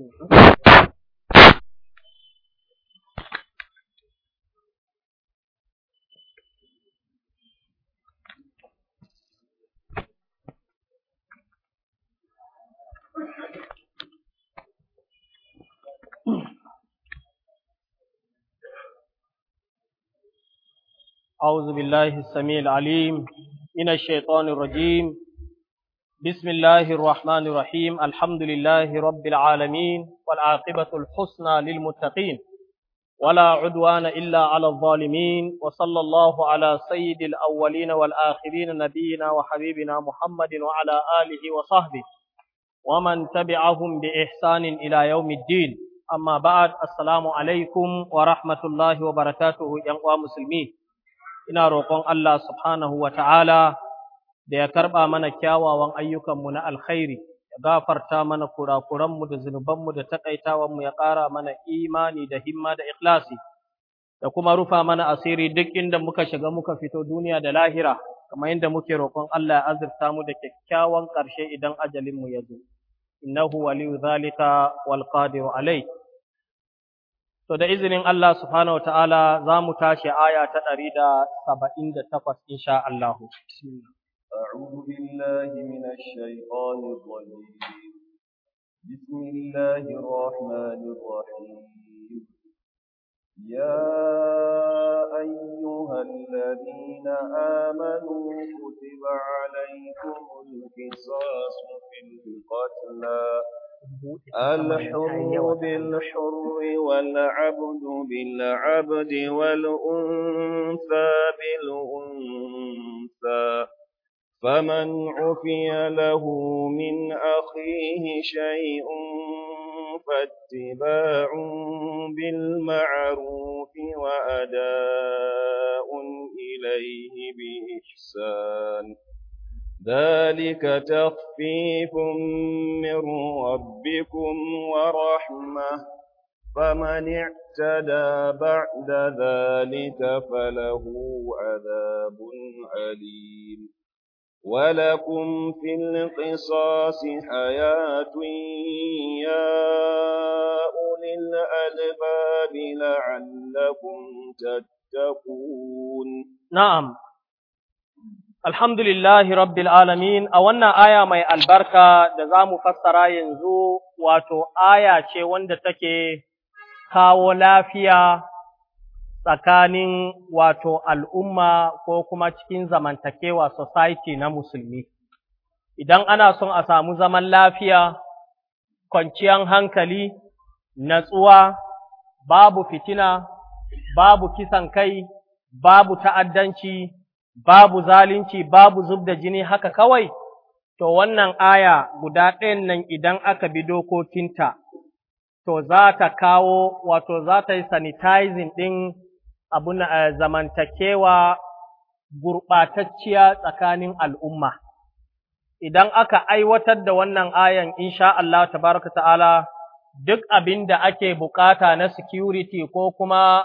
أعوذ بالله السميع العليم من الشيطان الرجيم بسم الله الرحمن الرحيم الحمد لله رب العالمين والعاقبة الحسنى للمتقين ولا عدوان إلا على الظالمين وصلى الله على سيد الأولين والآخرين نبينا وحبيبنا محمد وعلى آله وصحبه ومن تبعهم بإحسان إلى يوم الدين أما بعد السلام عليكم ورحمة الله وبركاته يا مسلمين إن رقم الله سبحانه وتعالى da ya karɓa mana kyawawan ayyukanmu na alkhairi, ya gafarta mana kurakuranmu da zunubanmu da taƙaitawanmu ya ƙara mana imani da himma da ikhlasi, da kuma rufa mana asiri duk inda muka shiga muka fito duniya da lahira, kamar yadda muke roƙon Allah ya azurta mu da kyakkyawan ƙarshe idan ajalinmu ya zo. Innahu waliyu zalika wal qadiru alai. To da izinin Allah subhanahu wa za mu tashi aya ta ɗari da saba'in da takwas insha Allahu. Bismillah. أعوذ بالله من الشيطان الرجيم بسم الله الرحمن الرحيم يا أيها الذين آمنوا كتب عليكم القصاص في القتلى الحر بالحر والعبد بالعبد والأنثى بالأنثى فمن عفي له من أخيه شيء فاتباع بالمعروف وأداء إليه بإحسان ذلك تخفيف من ربكم ورحمة فمن اعتدى بعد ذلك فله عذاب أليم ولكم في القصاص حياة يا أولي الألباب لعلكم تتقون نعم الحمد لله رب العالمين أولنا آية مي البركة دزام فسرا ينزو واتو آية شي وندتكي kawo tsakanin wato al'umma ko kuma cikin zamantakewa society na musulmi. Idan ana son a samu zaman lafiya, kwanciyar hankali, natsuwa, babu fitina, babu kisan kai, babu ta'addanci, babu zalunci, babu zub da jini haka kawai, to wannan aya guda ɗayan nan idan aka bi dokokinta, to za ta kawo, wato za ta yi sanitizing ɗin abun eh, zamantakewa gurɓatacciya tsakanin al'umma. Idan aka aiwatar da wannan ayan, insha Allah, tabaraka ta'ala, duk abin da ake bukata na security ko kuma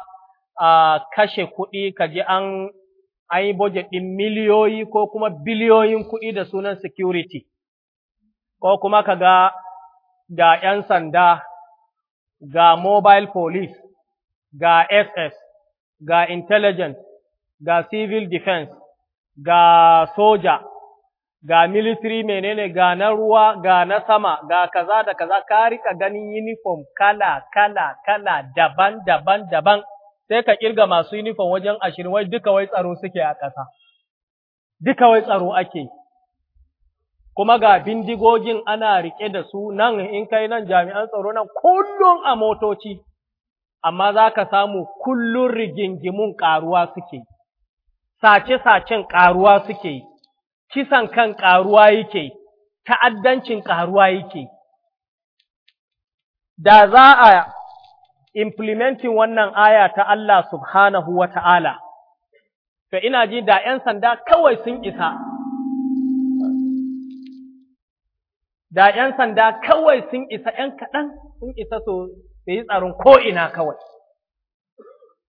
a kashe kuɗi ka ji an yi budget ɗin miliyoyi ko kuma biliyoyin kuɗi da sunan security, ko kuma ka ga ga ‘yan sanda, ga mobile police, ga SS, ga intelligence, ga civil defense, ga soja, ga military menene ga na ruwa, ga na sama, ga kaza da kaza, ka rika ganin uniform kala, kala, kala, daban, daban, daban, sai ka kirga masu uniform wajen ashirin, wai duka wai tsaro suke a ƙasa, duka wai tsaro ake Kuma ga bindigogin ana riƙe da su nan in kai nan jami'an tsaro nan kullum a motoci, amma za ka samu kullum rigingimun ƙaruwa suke, sace-sacen ƙaruwa suke, kisan kan ƙaruwa yake, ta'addancin ƙaruwa yake. Da za a implementin wannan aya ta Allah subhanahu wa ta'ala, to ina ji da ‘yan sanda kawai sun isa, da ‘yan sanda kawai sun isa ‘yan kaɗan sun isa so bai yi tsaron ko'ina kawai.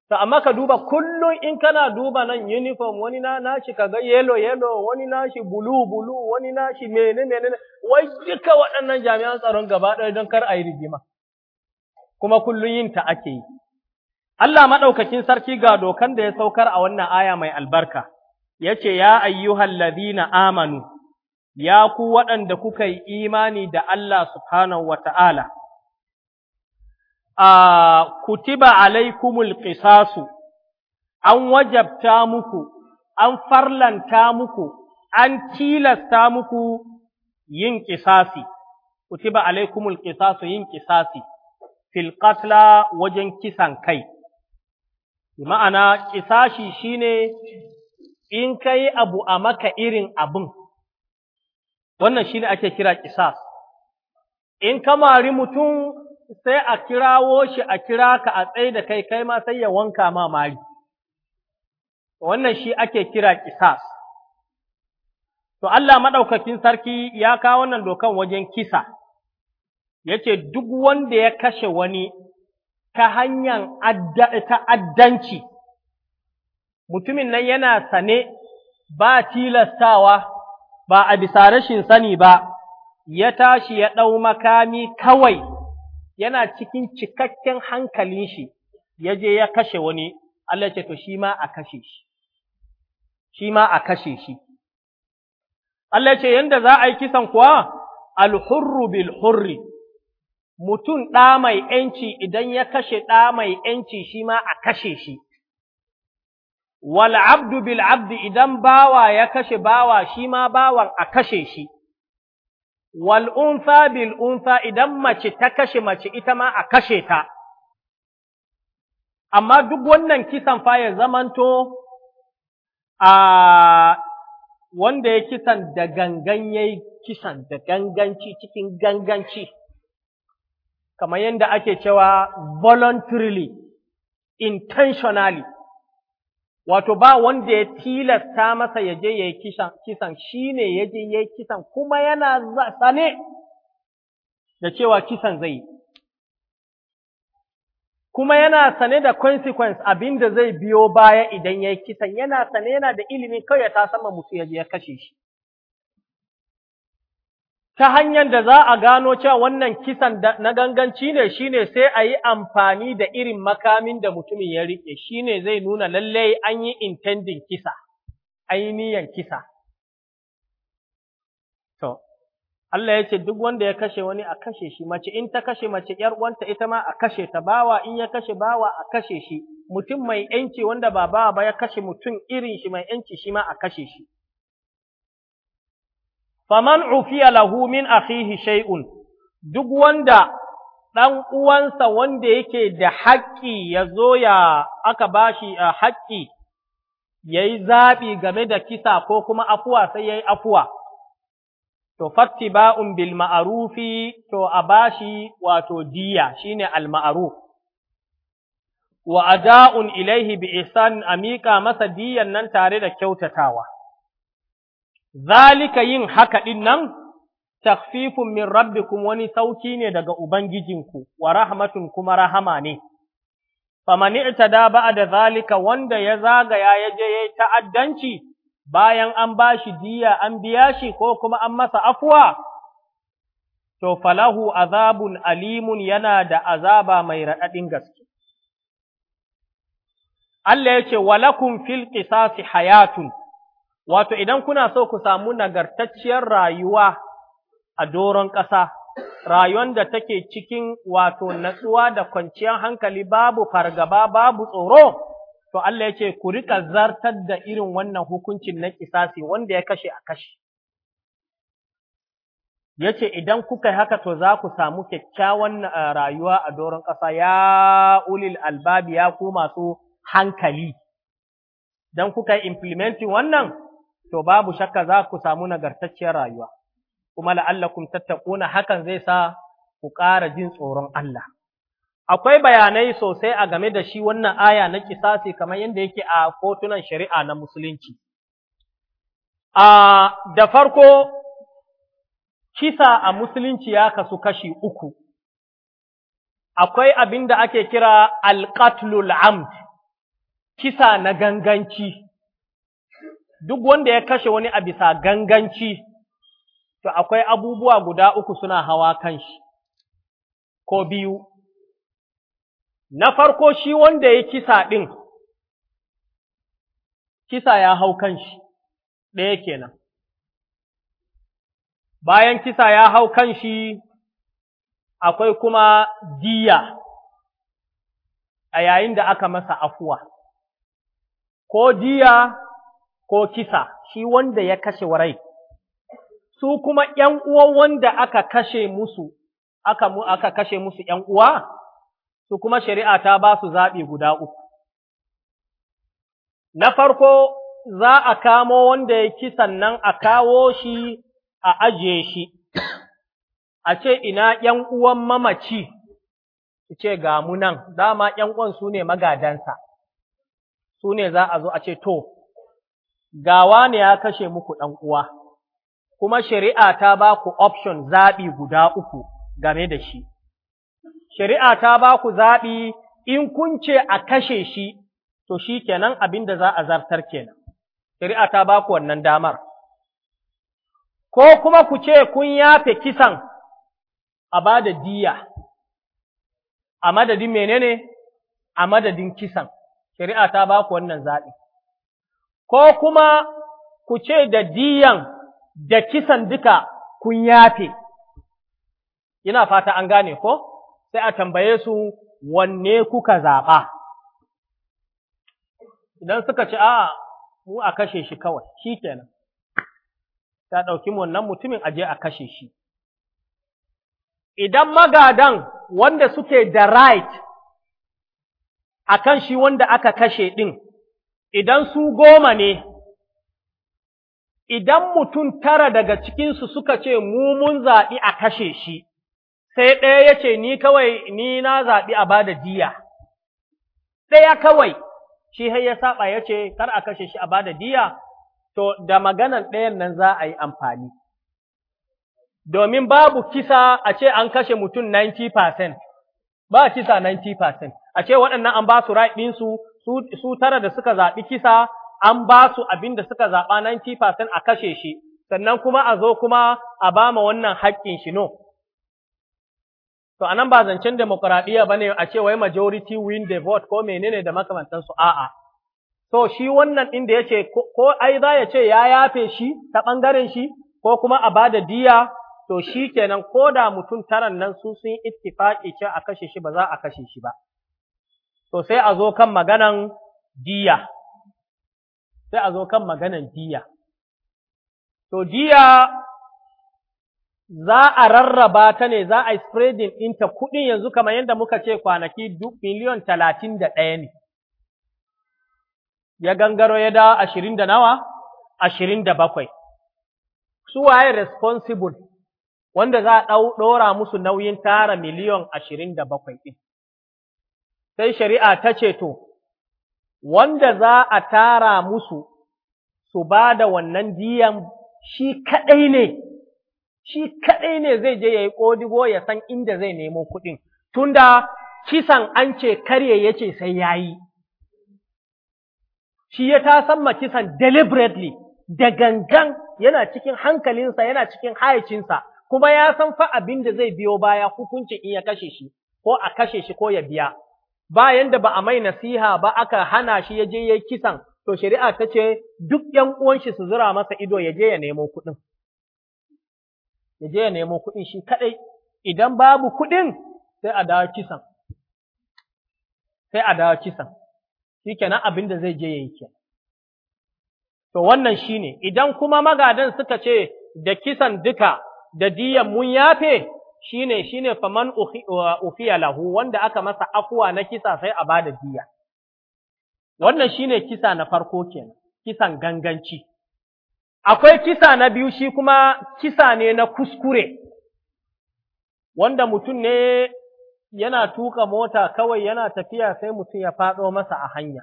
Ta amma ka duba kullum in kana duba nan uniform wani na nashi kaga yelo yelo wani nashi bulu bulu wani nashi mene mene wai duka waɗannan jami'an tsaron gaba ɗaya don kar a yi rigima kuma kullum yin ta ake yi. Allah maɗaukakin sarki ga dokan da ya saukar a wannan aya mai albarka, ya ce, Ya ayyuhan ladina amanu, ya ku waɗanda kuka yi imani da Allah subhanahu wa kutiba alaikumul qisasu an wajabta muku an farlanta muku an tilasta muku yin qisasi kutiba alaikumul qisasu yin qisasi fil qatla wajen kisan kai ma'ana qisashi shine in kai abu a maka irin abun. wannan shine ake kira qisas in ka mari mutum sai a kirawo shi a kira ka a tsaye da kai kai ma sai ya wanka ma mari. Wannan shi ake kira kisas. To Allah maɗaukakin sarki ya kawo wannan dokan wajen kisa, yace duk wanda ya kashe wani ta hanyar ta'addanci, mutumin nan yana sane ba tilastawa, ba a bisa rashin sani ba, ya tashi ya ɗau makami kawai. yana cikin cikakken hankalin shi ya je ya kashe wani Allah ce to shi ma a kashe shi shi ma a kashe shi Allah ce yanda za a yi kisan kuwa alhurru bil hurri mutum ɗa mai ‘yanci idan ya kashe ɗa mai ‘yanci shi ma a kashe shi, wal abdu bil abdi idan bawa ya kashe bawa shi ma bawan a kashe shi, walunfa bil’unfa idan mace ta kashe mace ita ma a kashe ta amma duk wannan kisan fa ya zamanto a wanda ya kisan da gangan yayi kisan da ganganci cikin ganganci kamar yadda ake cewa voluntarily intentionally wato ba wanda ya tilasta masa ya je ya yi kisan shi ne ya je ya yi kisan kuma yana sane da cewa kisan zai yi. Kuma yana sane da consequence abin da zai biyo baya idan ya yi kisan, yana sane yana da ilimin kawai ya ta sama mutu ya je ya kashe shi. ta hanyar da za a gano cewa wannan kisan na ganganci ne shine sai a yi amfani da irin makamin da mutumin ya riƙe shine zai nuna lallai an yi intending kisa ainiyan kisa to Allah ya ce duk wanda ya kashe wani a kashe shi mace in ta kashe mace yar uwanta ita ma a kashe ta bawa in ya kashe bawa a kashe shi mutum mai yanci wanda ba bawa ba ya kashe mutum irin shi mai shi ma a kashe shi faman ufiya lahu min akhihi shay'un duk wanda ɗan uwansa wanda yake da haƙƙi ya zo ya aka bashi a eh, haƙƙi ya yi zaɓi game da kisa ko kuma afuwa sai ya yi afuwa, to fatti ba'un bil ma'arufi to a bashi wato diya shine al ma'aruf. Wa ada'un ilaihi bi ihsan a miƙa masa diyan nan tare da kyautatawa. zalika yin haka din nan, takfifun min rabbikum wani sauki ne daga Ubangijinku, wa rahmatun kuma rahama ne. Famani da ba'a da zalika wanda ya zagaya ya je ya ta'addanci bayan an bashi shi diya an biya shi ko kuma an masa afuwa, to falahu azabun alimun yana da azaba mai raɗaɗin gaske. Allah yace ce, Walakun fil hayatun. Wato idan kuna so ku samu nagartacciyar rayuwa a doron ƙasa, rayuwar da take cikin wato natsuwa da kwanciyar hankali babu fargaba babu tsoro, to Allah ya ce ku riƙa zartar da irin wannan hukuncin na ƙisasi wanda ya kashe a kashe. Ya ce idan kuka haka to za ku samu kyakkyawan eh, rayuwa a doron ƙasa ya ulil albabi ya ku masu hankali. Don kuka yi implementing wannan to babu shakka za ku samu nagartacciyar rayuwa, kuma la'allakum tattaƙuna hakan zai sa ku ƙara jin tsoron Allah. Akwai bayanai sosai a game da shi wannan aya na kisasi kamar yadda yake a kotunan shari'a na musulunci. A da farko, kisa a musulunci ya kasu kashi uku, akwai abin da ake kira alƙatlul amd, kisa na ganganci. duk wanda ya kashe wani a bisa ganganci, to akwai abubuwa guda uku suna hawa kan shi, ko biyu. Na farko shi wanda ya kisa ɗin, kisa ya hau kan shi, ɗaya kenan. Bayan kisa ya hau kan shi, akwai kuma diya a yayin da aka masa afuwa, ko diya ko kisa shi wanda ya kashe warai, su kuma ’yan uwa wanda aka kashe musu, aka, aka kashe musu ’yan uwa, su kuma shari'a ta ba su zaɓi guda uku. Na farko, za a kamo wanda ya kisan nan a kawo shi a ajiye shi, a ce ina ’yan uwan mamaci, su ce ga mu nan, dama ’yan uwan su ne magadansa, su ne za a zo a ce to. gawa ne ya kashe muku ɗan uwa, kuma shari'a ta ba ku option zaɓi guda uku game da shi. Shari'a ta ba ku zaɓi in kun ce a kashe shi, to shi kenan abin da za a zartar kenan. Shari'a ta ba ku wannan damar. Ko kuma ku ce kun yafe kisan a ba da diya, a madadin menene? A madadin kisan. Shari'a ta ba ku wannan zaɓi. ko kuma ku ce da diyan da kisan duka kun yafe, ina fata an gane ko, sai a tambaye su wanne kuka zaɓa. Idan suka ci a mu a kashe shi kawai, shi kenan, ta ɗauki wannan mutumin aje a kashe shi. Idan magadan wanda suke da right a kan shi wanda aka kashe ɗin, idan su goma ne, idan mutum tara daga cikinsu suka ce mu mun zaɓi a kashe shi, sai ɗaya ya ce ni kawai ni na zaɓi a ba da diya, ɗaya kawai shi har ya saɓa ya ce kar a kashe shi a ba da diya, to da maganan ɗayan nan za a yi amfani. Domin babu kisa a ce an kashe mutum 90%, ba kisa 90%, a ce waɗannan an ba su ɗinsu su tara da suka zaɓi kisa an ba su abin da suka zaɓa 90% a kashe shi, sannan kuma a zo kuma a ba ma wannan haƙƙin shi no. To, a nan ba zancen demokuraɗiyya ba ne a ce wai majority win the vote ko menene da makamantansu a'a. So, shi wannan inda ya ce, ko ai za ya ce ya yafe shi ta ɓangaren shi, ko kuma a ba da diya, to shi kenan ko da mutum taran nan su sun ittifaƙi ce a kashe shi ba za a kashe shi ba. to sai a zo kan maganan diya, sai a zo kan maganan diya. To diya za a rarraba ta ne za a yi spreading ɗinta kuɗin yanzu kamar yadda muka ce kwanaki miliyon talatin da ɗaya ne. Ya gangaro ya da ashirin da nawa? Ashirin da bakwai. Su waye responsible wanda za a ɗora musu nauyin tara miliyon ashirin da bakwai ɗin. sai shari'a ta ce to, wanda za a tara musu su ba da wannan diyan shi kaɗai ne, shi kaɗai ne zai je ya yi ƙodigo ya san inda zai nemo kuɗin, tunda kisan an ce karye ya ce sai ya yi. Shi ya ta tasamma kisan deliberately, da gangan yana cikin hankalinsa, yana cikin hayacinsa, kuma ya san fa abin da zai biyo baya hukuncin in ya kashe shi, ko a kashe shi ko ya biya. bayan da ba a mai nasiha ba aka hana shi ya je yayi kisan to shari'a ta ce duk ƴan uwan shi su zura masa ido ya je ya nemo kuɗin ya je ya nemo kuɗin shi kadai idan babu kuɗin sai a dawo kisan sai a dawo kisan shikenan abin da zai je yayi kenan to wannan shine idan kuma magadan suka ce da kisan duka da diyan mun yafe shine shine faman ufiya lahu wanda aka masa afuwa na kisa sai a bada diya wannan shine kisa na farko kenan kisan ganganci akwai kisa na biyu shi kuma kisa ne na kuskure wanda mutum ne yana tuka mota kawai yana tafiya sai mutum ya faɗo masa a hanya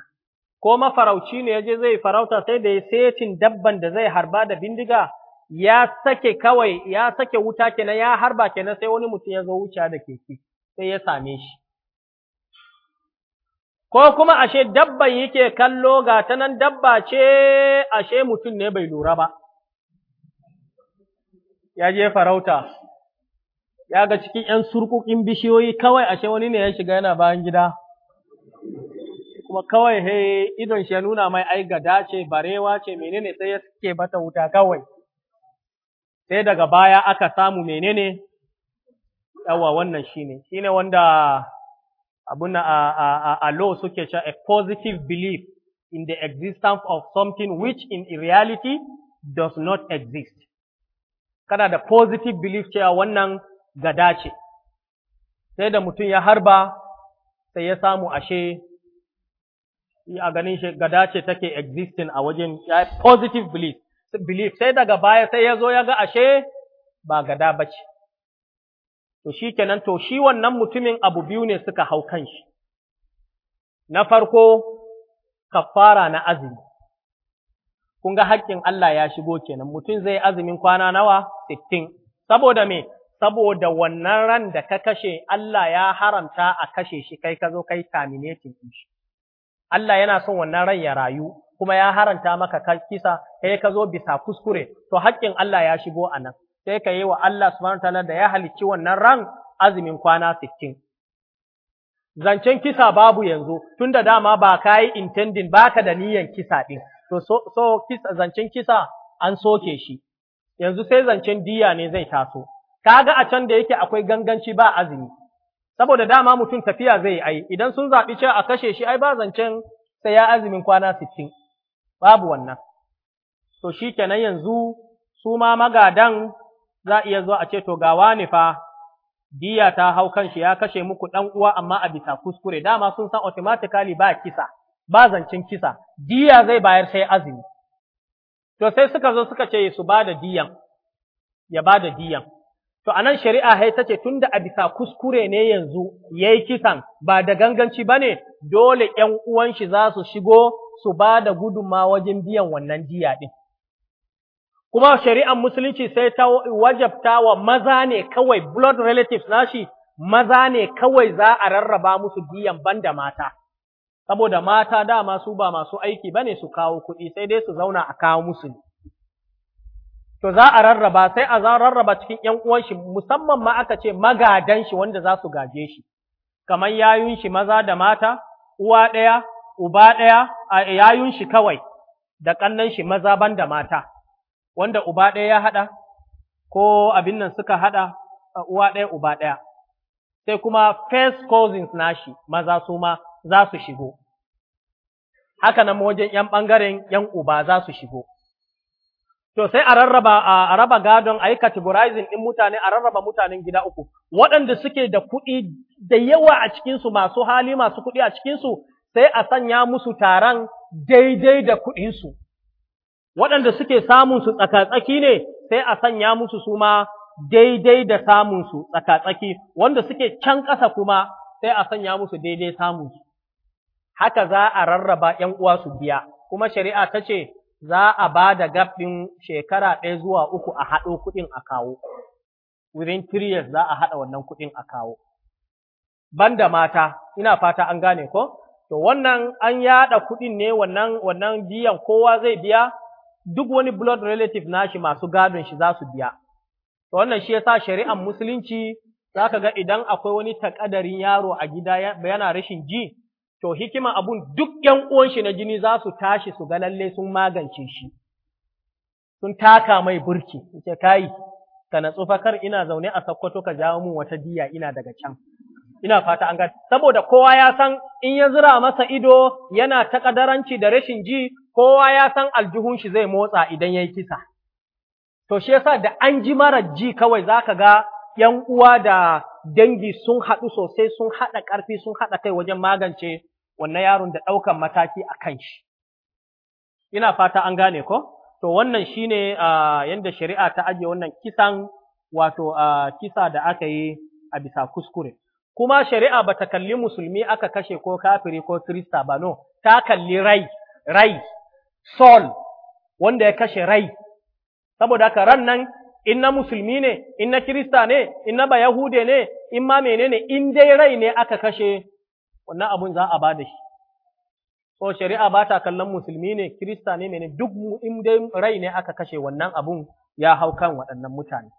ko mafarauci ne yaje zai farauta sai da ya setin dabban da zai harba da bindiga ya sake kawai ya sake wuta kenan ya harba kenan sai wani mutum ya zo wuce da keke sai ya same shi ko kuma ashe dabba yake kallo ga ta nan dabba ce ashe mutum ne bai lura ba ya je farauta ya ga cikin ‘yan surkukin bishiyoyi kawai ashe wani ne ya shiga yana bayan gida, kuma kawai he idon shi ya nuna mai ai gada ce, barewa ce, menene sai ya suke bata wuta kawai. sai daga baya aka samu menene yawa wannan shine shine wanda abuna a, a, a, a law suke cewa a positive belief in the existence of something which in reality does not exist kana da positive belief cewa wannan gada ce sai da mutum ya harba sai ya samu ashe a ganin shi gada ce take existing a wajen positive belief belief sai daga baya sai ya zo ya ga ashe ba gada ba ce. To shi kenan to shi wannan mutumin abu biyu ne suka hau kanshi. Na farko, kafara na azumi. Kun ga haƙƙin Allah ya shigo kenan, mutum zai azumin kwana nawa? Sittin. Saboda me? Saboda wannan ran da ka kashe Allah ya haramta a kashe shi kai ka zo kai terminating shi. Allah yana son wannan ran ya rayu, kuma ya haranta maka ka kisa kai ka zo bisa kuskure to haƙƙin Allah ya shigo a nan sai ka yi wa Allah subhanahu wataala da ya halicci wannan ran azumin kwana sittin. Zancen kisa babu yanzu tunda dama ba ka yi intendin baka da niyan kisa din, to so, so kisa, zancen kisa an soke shi yanzu sai zancen diya ne zai taso kaga a can da yake akwai ganganci ba azumi saboda dama mutum tafiya zai ai idan sun zaɓi cewa a kashe shi ai ba zancen sai ya azumin kwana sittin babu wannan. So shi kenan yanzu su ma magadan za iya zuwa a ce to ga wani fa diya ta hau kan shi ya kashe muku ɗan uwa amma a bisa kuskure dama sun san automatically ba kisa ba zancen kisa diya zai bayar sai azumi to sai suka zo suka ce su ba da diyan ya ba da diyan To a nan shari'a hai ta ce tun da a bisa kuskure ne yanzu ya yi kisan ba da ganganci ba ne dole ‘yan uwan shi za su shigo su ba da gudunma wajen biyan wannan jiya ɗin. Kuma shari'ar musulunci sai ta wajabta wa maza ne kawai blood relatives nashi maza ne kawai za a rarraba musu biyan ban da mata. Saboda mata dama su ba masu aiki ba ne su kawo kuɗi sai dai su zauna a kawo musu ne. to za a rarraba sai a za rarraba cikin ‘yan uwan shi musamman ma aka ce magadan shi wanda za su gaje shi, kamar yayun shi maza da mata, uwa ɗaya, uba ɗaya, a yayun shi kawai da ƙannan shi maza ban da mata, wanda uba ɗaya ya haɗa, ko abin nan suka haɗa uwa ɗaya uba ɗaya. Sai kuma first cousins nashi maza su ma za su shigo, haka nan wajen ‘yan ɓangaren ‘yan uba za su shigo. To sai a rarraba a raba gadon a yi categorizing ɗin mutane a rarraba mutanen gida uku waɗanda suke da kuɗi da yawa a cikinsu masu hali masu kuɗi a cikinsu sai a sanya musu taron daidai da kuɗinsu waɗanda suke samunsu tsakatsaki ne sai a sanya musu suma daidai da samunsu tsakatsaki wanda suke can ƙasa kuma sai a sanya musu daidai samunsu haka za a rarraba ‘yan uwa su biya kuma shari'a ta ce za a ba da gabbin shekara ɗaya zuwa uku a haɗo kuɗin a kawo. Within three za a haɗa wannan kuɗin a kawo. Banda mata, ina fata an gane ko? To wannan an yaɗa kuɗin ne wannan wannan biyan kowa zai biya duk wani blood relative nashi masu gadon shi za su biya. To wannan shi yasa shari'ar musulunci za ka ga idan akwai wani takadarin yaro a gida yana rashin ji, to hikima abun duk ‘yan uwan shi na jini za su tashi su ga lalle sun magance shi, sun taka mai burki, ce kai, ka natsu kar ina zaune a sakkwato ka jawo mu wata diya ina daga can. Ina fata an gani, saboda kowa ya san in ya zira masa ido yana ta ƙadaranci da rashin ji, kowa ya san aljihun shi zai motsa idan ya yi kisa. To shi yasa da an ji mara ji kawai za ka ga ‘yan uwa da dangi sun haɗu sosai sun haɗa ƙarfi sun haɗa kai wajen magance wannan yaron da ɗaukan mataki a kan shi. Ina fata an gane ko? To wannan shine ne yadda shari'a ta ajiye wannan kisan wato kisa da aka yi a bisa kuskure. Kuma shari'a ba ta kalli musulmi aka kashe ko kafiri ko kirista ba no, ta kalli rai, rai, sol, wanda ya kashe rai. Saboda haka ran nan in na musulmi ne, in na kirista ne, in na bayahude ne, in ma menene, in dai rai ne aka kashe wannan abun za a bada shi so shari'a ba ta kallon musulmi ne kirista ne mene duk mu in dai rai ne aka kashe wannan abun ya hau kan waɗannan mutane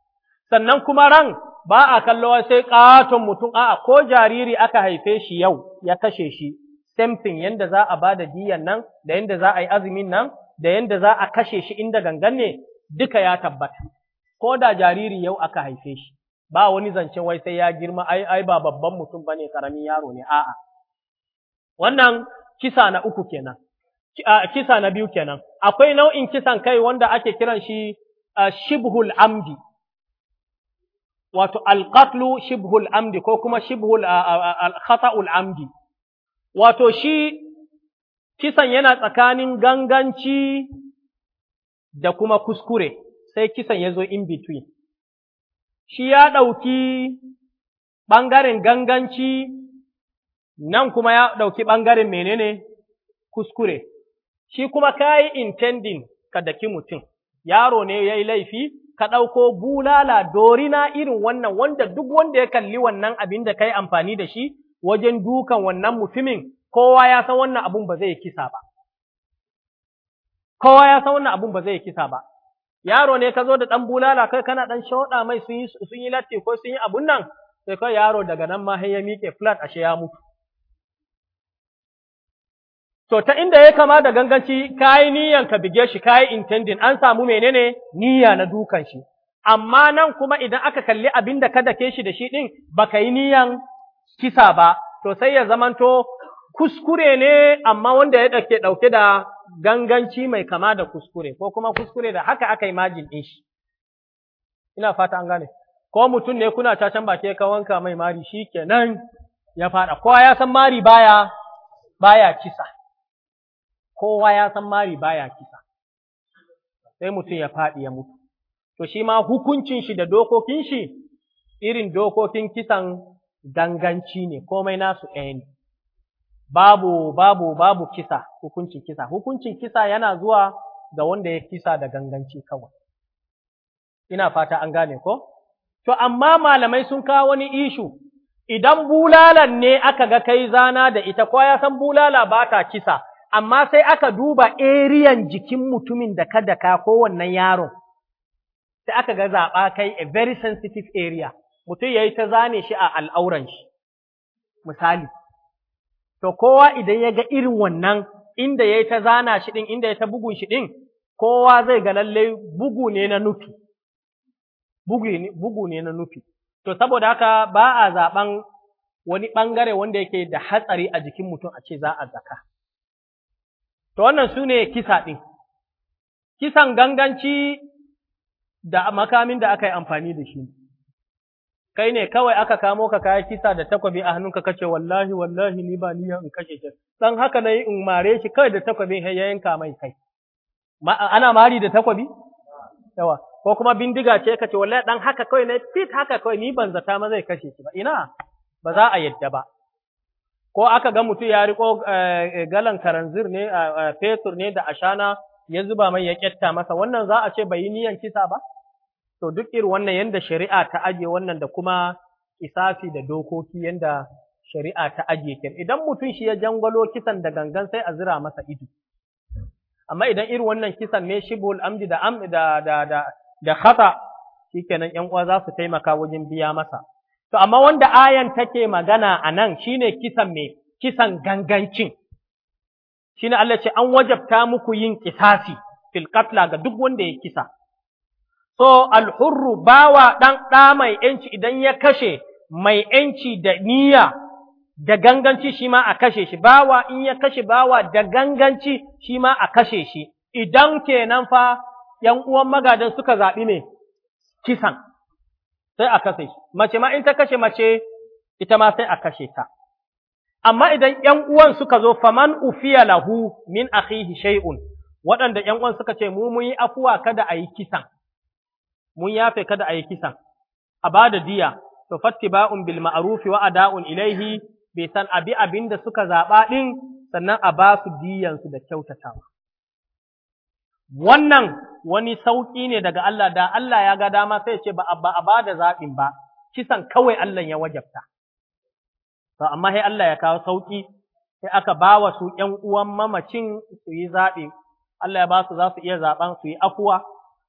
sannan kuma ran ba a kallo sai ƙaton mutum a'a ko jariri aka haife shi yau ya kashe shi samfin yadda za a bada diyan nan da yadda za a yi azumin nan da yadda za a kashe shi inda gangan ne duka ya tabbata ko da jariri yau aka haife shi ba wani zancen wai sai ya girma ai ai ba babban mutum bane karamin yaro ne a'a Wannan kisa na uku kenan, kisa na biyu kenan. Akwai nau'in kisan kai wanda ake kiran shi shibhul amdi, wato alƙatlu shibhul amdi ko kuma shibhul khata'ul amdi. Wato shi kisan yana tsakanin ganganci da kuma kuskure, sai kisan ya zo in between. Shi ya ɗauki ɓangaren ganganci nan kuma ya ɗauki ɓangaren menene kuskure, shi kuma ka yi intending ka daki mutum, yaro ne ya yi laifi, ka ɗauko bulala dorina irin wannan wanda duk wanda ya kalli wannan abin da ka yi amfani da shi wajen dukan wannan mutumin, kowa ya san wannan abun ba zai kisa ba. Kowa ya san wannan abun ba zai kisa ba. Yaro ne ka zo da ɗan bulala kai kana ɗan shauɗa mai sun yi latti ko sun yi abun nan, sai kai yaro daga nan ma ya miƙe flat ashe ya mutu. To, ta inda ya kama da ganganci, ka yi niyan ka bige shi, ka yi intendin, an samu menene niyya na dukan shi. Amma nan kuma idan aka kalli abin da ka dake shi da shi ɗin, ba ka yi niyan kisa ba, to sai ya zamanto kuskure ne, amma wanda ya ɗauke ɗauke da ganganci mai kama da kuskure, ko kuma kuskure da haka aka yi majin ɗin shi. Ina fata an gane. Ko mutum ne kuna cacan baki ka wanka mai mari shi kenan ya faɗa, kowa ya san mari baya, baya kisa. kowa ya san mari baya kisa, sai mutum ya faɗi ya mutu. To shi ma hukuncin shi da dokokin shi irin dokokin kisan ganganci ne, komai nasu ɗaya ne. Babu, babu, babu kisa, hukuncin kisa. Hukuncin kisa yana zuwa ga wanda ya kisa da ganganci kawai. Ina fata an gane ko? To, amma malamai sun kawo wani ishu, idan bulalan ne aka ga kai zana da ita, ko ya san bulala ba ta kisa, amma sai aka duba eriyan jikin mutumin da ka daka ko wannan yaron, sai aka ga zaɓa kai a very sensitive area, mutum ya yi ta zane shi a al'auran shi, misali. To, kowa idan ya ga irin wannan inda ya yi ta zana shi ɗin, inda ya ta bugun shi ɗin, kowa zai ga lalle bugu ne na nufi. Bugu ne na nufi. To, saboda haka ba a zaɓen wani ɓangare wanda yake da hatsari a jikin mutum a ce za a zaka. To wannan su ne kisa ɗin, kisan ganganci da makamin da aka yi amfani da shi. Kai ne kawai aka kamo ka kaya kisa da takwabi a hannunka kace wallahi wallahi ni ba niyan in kashe shi. Dan haka na yi in mare shi kawai da takwabin ya yanka mai kai. Ana mari da takwabi? Yawa. Ko kuma bindiga ce kace wallahi dan haka kawai na fit haka kawai ni ban zata ma zai kashe shi ba. Ina ba za a yadda ba. ko aka ga mutum ya riko eh, eh, galan karanzir ne fetur ne da ashana ya zuba mai ya kyatta masa wannan za a ce bai yi niyan kisa ba to duk irin wannan yanda shari'a ta aje wannan da kuma isafi da dokoki yanda shari'a ta aje kin idan mutum shi ya jangwalo kisan da gangan sai a zira masa ido amma idan irin wannan kisan ne shibul amdi da amdi da da da da khata shikenan yan uwa za su taimaka wajen biya masa To, amma wanda ayan take magana a nan shi ne kisan mai kisan gangancin, shi ne Allah ce an wajabta muku yin kisasi fil ga duk wanda ya kisa. So, alhurru bawa ɗan ɗa mai ‘yanci idan ya kashe mai ‘yanci da niyya da ganganci shi ma a kashe shi, bawa in ya kashe bawa da ganganci shi ma a kashe shi, idan kenan fa ‘yan uwan magadan suka zaɓi ne kisan. sai a kashe shi mace ma in ta kashe mace ita ma sai a kashe ta amma idan ƴan uwan suka zo faman ufiya lahu min akhihi shay'un waɗanda ƴan uwan suka ce mu mun yi afuwa kada a yi kisan mun yafe kada a yi kisan a bada diya to fattiba'un bil ma'ruf wa ada'un ilaihi bai san abi da suka zaɓa ɗin sannan a ba su diyan su da kyautatawa wannan wani sauƙi ne daga Allah da Allah ya ga dama sai ce ba a ba da zaɓin ba, kisan kawai Allah ya wajabta. To, amma sai Allah ya kawo sauƙi, sai aka ba wa su ’yan uwan mamacin su yi zaɓi, Allah ya ba su za su iya zaɓen su yi afuwa,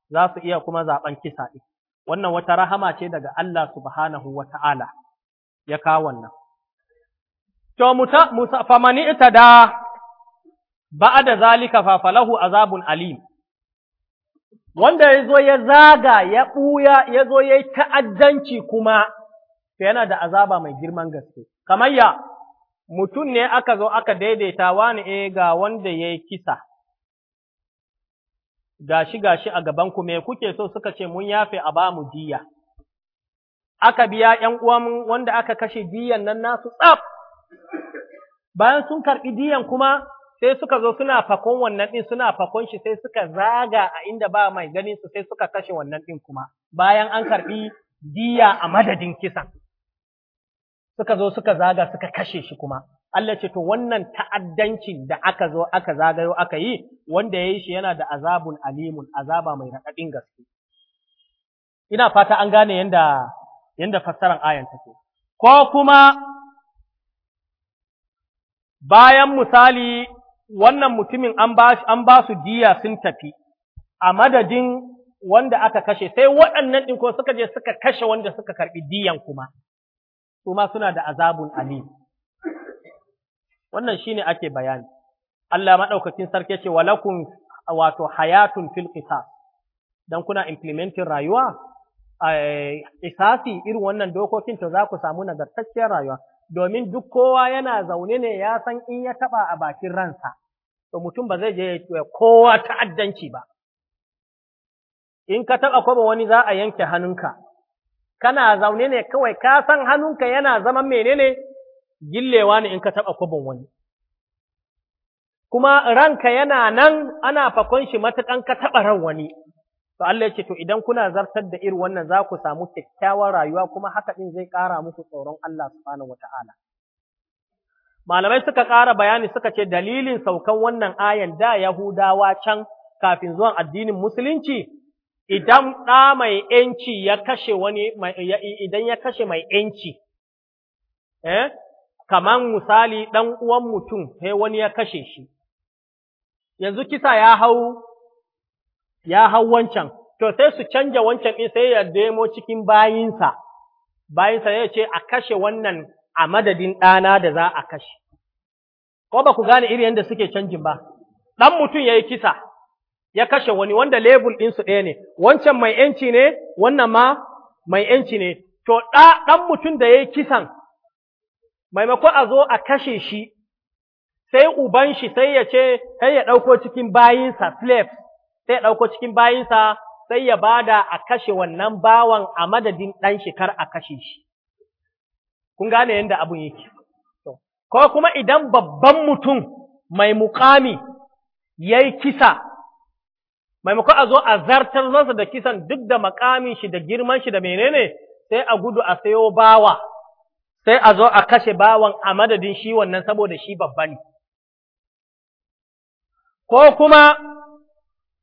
za su iya kuma zaɓen kisa ɗin. Wannan wata rahama ce daga Allah subhanahu wa ta'ala ya kawo wannan. To, musa, famani ita da ba'a da zalika fafalahu azabun alim. wanda ya zo ya zaga ya ɓuya ya zo ya yi ta'addanci kuma yana da azaba mai girman gaske kamar ya mutum ne aka zo aka daidaita wani e eh, ga wanda ya yi kisa gashi gashi a gaban ku me kuke so suka ce mun yafe a bamu diya aka biya 'yan uwan wanda aka kashe diyan nan nasu tsaf bayan sun karɓi diyan kuma sai suka zo suna fakon wannan ɗin suna fakon shi sai suka zaga a inda ba mai ganin su sai suka kashe wannan ɗin kuma bayan an karɓi diya a madadin kisan suka zo suka zaga suka kashe shi kuma Allah ce to wannan ta'addancin da aka zo aka zagayo aka yi wanda ya yi shi yana da azabun alimun azaba mai raɗaɗin gaske ina fata an gane yanda yanda fassaran ayan take ko kuma bayan misali wannan mutumin an ba su diya sun tafi a madadin wanda aka kashe sai waɗannan ɗin ko suka je suka kashe wanda suka karɓi diyan kuma su ma suna da azabun ali wannan shine ake bayani Allah maɗaukakin sarki ce walakun wato hayatun fil qisas dan kuna implementing rayuwa a eh, isasi irin wannan dokokin to za ku samu nagartacciyar rayuwa domin duk kowa yana zaune ne ya san in ya taɓa a bakin ransa, to mutum ba zai je ya kowa ta'addanci ba. In ka taɓa kwaba wani za a yanke hannunka, kana zaune ne kawai ka san hannunka yana zaman menene gillewa ne in ka taɓa kwaban wani. Kuma ranka yana nan ana fakon shi matuƙan ka taɓa ran wani. To Allah ya ce, To idan kuna zartar da irin wannan za ku samu kyakkyawar rayuwa kuma haka din zai ƙara muku tsoron Allah subhanahu wataala Malamai suka ƙara bayani suka ce dalilin saukan wannan ayan da Yahudawa can kafin zuwan addinin Musulunci, idan ɗa mai ‘yanci ya kashe wani, idan ya kashe mai ‘yanci, eh? kaman misali ɗan uwan mutum, sai wani ya kashe shi, yanzu kisa ya hau ya hau wancan, to sai su canja wancan ɗin sai ya demo cikin bayinsa, bayinsa ya ce a kashe wannan a madadin ɗana da za a kashe. Ko ba ku gane iri yadda suke canjin ba, ɗan mutum ya yi kisa, ya kashe wani wanda lebul su ɗaya ne, wancan mai ‘yanci ne, wannan ma mai ‘yanci ne, to ɗan mutum da ya yi kisan, maimakon a zo a kashe shi, sai uban shi sai ya ce, sai ya ɗauko cikin bayinsa, slaves, sai ya ɗauko cikin bayinsa sai ya bada a kashe wannan bawan a madadin ɗan shekar a kashe shi. Kun gane yadda abun yake. Ko kuma idan babban mutum mai mukami ya yi kisa, maimako a zo a zartar zansa da kisan duk da makamin shi da girman shi da menene sai a gudu a sayo bawa, sai a zo a kashe bawan a madadin shi wannan saboda shi babba ne. Ko kuma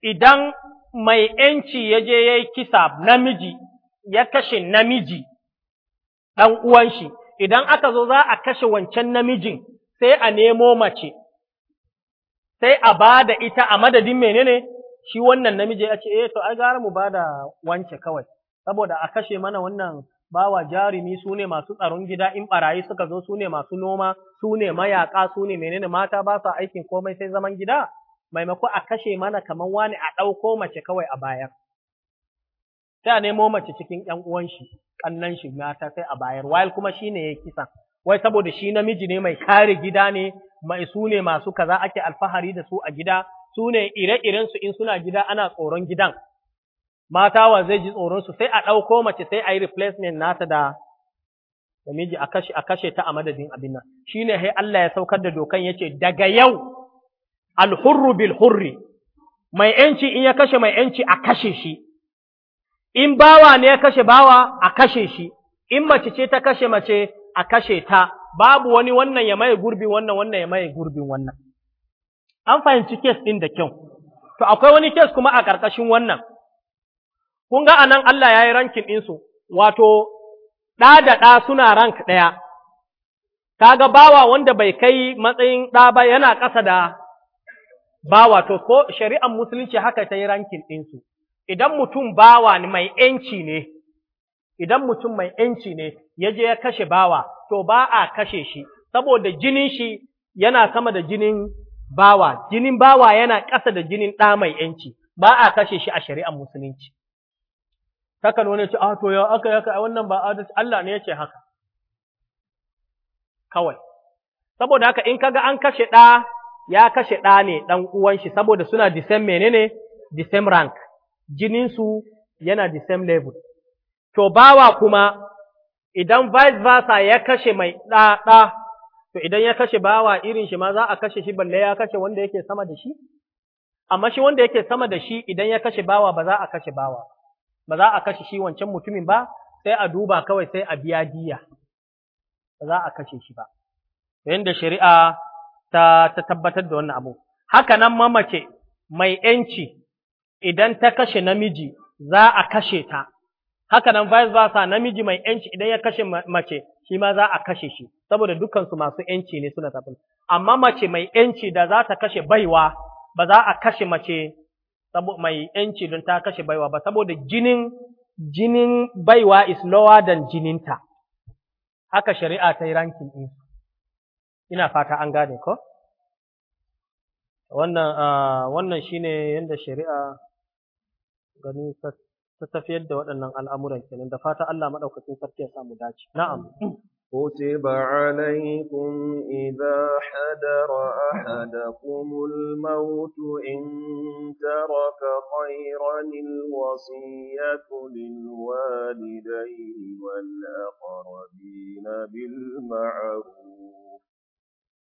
idan mai ‘yanci ya je ya yi kisa namiji, ya kashe namiji, ɗan uwan shi, idan aka zo za a kashe wancan namijin sai a nemo mace, sai a ba da ita a madadin menene shi wannan namiji ya ce, eh to ai gara mu ba da wance kawai, saboda a kashe mana wannan bawa jarumi su ne masu tsaron gida in barayi suka zo su ne masu noma, su ne mayaka, su ne menene mata ba sa aikin komai sai zaman gida. maimako a kashe mana kamar wani a ɗauko mace kawai a bayar. Sai a nemo mace cikin ‘yan uwan shi, ƙannan shi mata sai a bayar, wayar kuma shi ne ya kisa, wai saboda shi namiji ne mai kare gida ne, mai su ne masu kaza ake alfahari da su a gida, su ne ire-irensu in suna gida ana tsoron gidan. Mata wa zai ji su, sai a ɗauko mace sai a yi replacement nata da da miji a kashe ta a madadin abin nan Shi ne sai Allah ya saukar da dokan ya ce daga yau alhurru bil hurri, mai ‘yanci in ya kashe mai ‘yanci a kashe shi, in bawa ne ya kashe bawa a kashe shi, in mace ce ta kashe mace a kashe ta, babu wani wannan ya maye gurbin wannan wannan ya maye gurbin wannan. An fahimci kes ɗin da kyau, to akwai wani kes kuma a ƙarƙashin wannan, kun ga anan Allah ya yi rankin ɗinsu, wato ɗa da ɗa suna rank ɗaya, kaga bawa wanda bai kai matsayin ɗa ba yana ƙasa da bawa to ko shari'ar musulunci haka ta yi rankin ɗinsu, idan mutum bawa mai ‘yanci ne, idan mutum mai ‘yanci ne ya je ya kashe bawa, to ba a kashe shi, saboda jinin shi yana sama da jinin bawa, jinin bawa yana ƙasa da jinin ɗa mai ‘yanci, ba a kashe shi a shari'an musulunci. Takan wani ce, "Ah, to ya aka wannan ba adalci, Allah ne ya ce haka." Kawai, saboda haka in kaga an kashe ɗa ya kashe ɗa ne ɗan uwan shi saboda suna the same menene the same rank jininsu yana the same level to bawa kuma idan vice versa ya kashe mai ɗa ɗa to idan ya kashe bawa irin shi ma za a kashe shi balle ya kashe wanda yake sama da shi amma shi wanda yake sama da shi idan ya kashe bawa ba za a kashe bawa ba za a kashe shi wancan mutumin ba sai a duba kawai sai a biya diya ba za a kashe shi ba yanda shari'a ta, ta tabbatar da wannan abu. Haka nan mamace mai ‘yanci idan ta kashe namiji za a kashe ta, haka nan vice versa namiji mai ‘yanci idan ya kashe mace shi ma za a kashe shi, saboda dukansu masu ‘yanci ne suna tafi. Amma mace mai ‘yanci da za ta kashe baiwa ba za a kashe mace mai ‘yanci don ta kashe baiwa ba, saboda jinin jinin baiwa is lower than jininta. Haka shari'a ta yi rankin ɗinsu. ina fata an gane ko wannan wannan shine yanda shari'a gani ta tafiyar da waɗannan al'amuran kenan da fata Allah madaukakin sarki ya samu dace na'am كتب عليكم إذا حدر أحدكم الموت إن ترك خيرا الوصية للوالدين والأقربين بالمعروف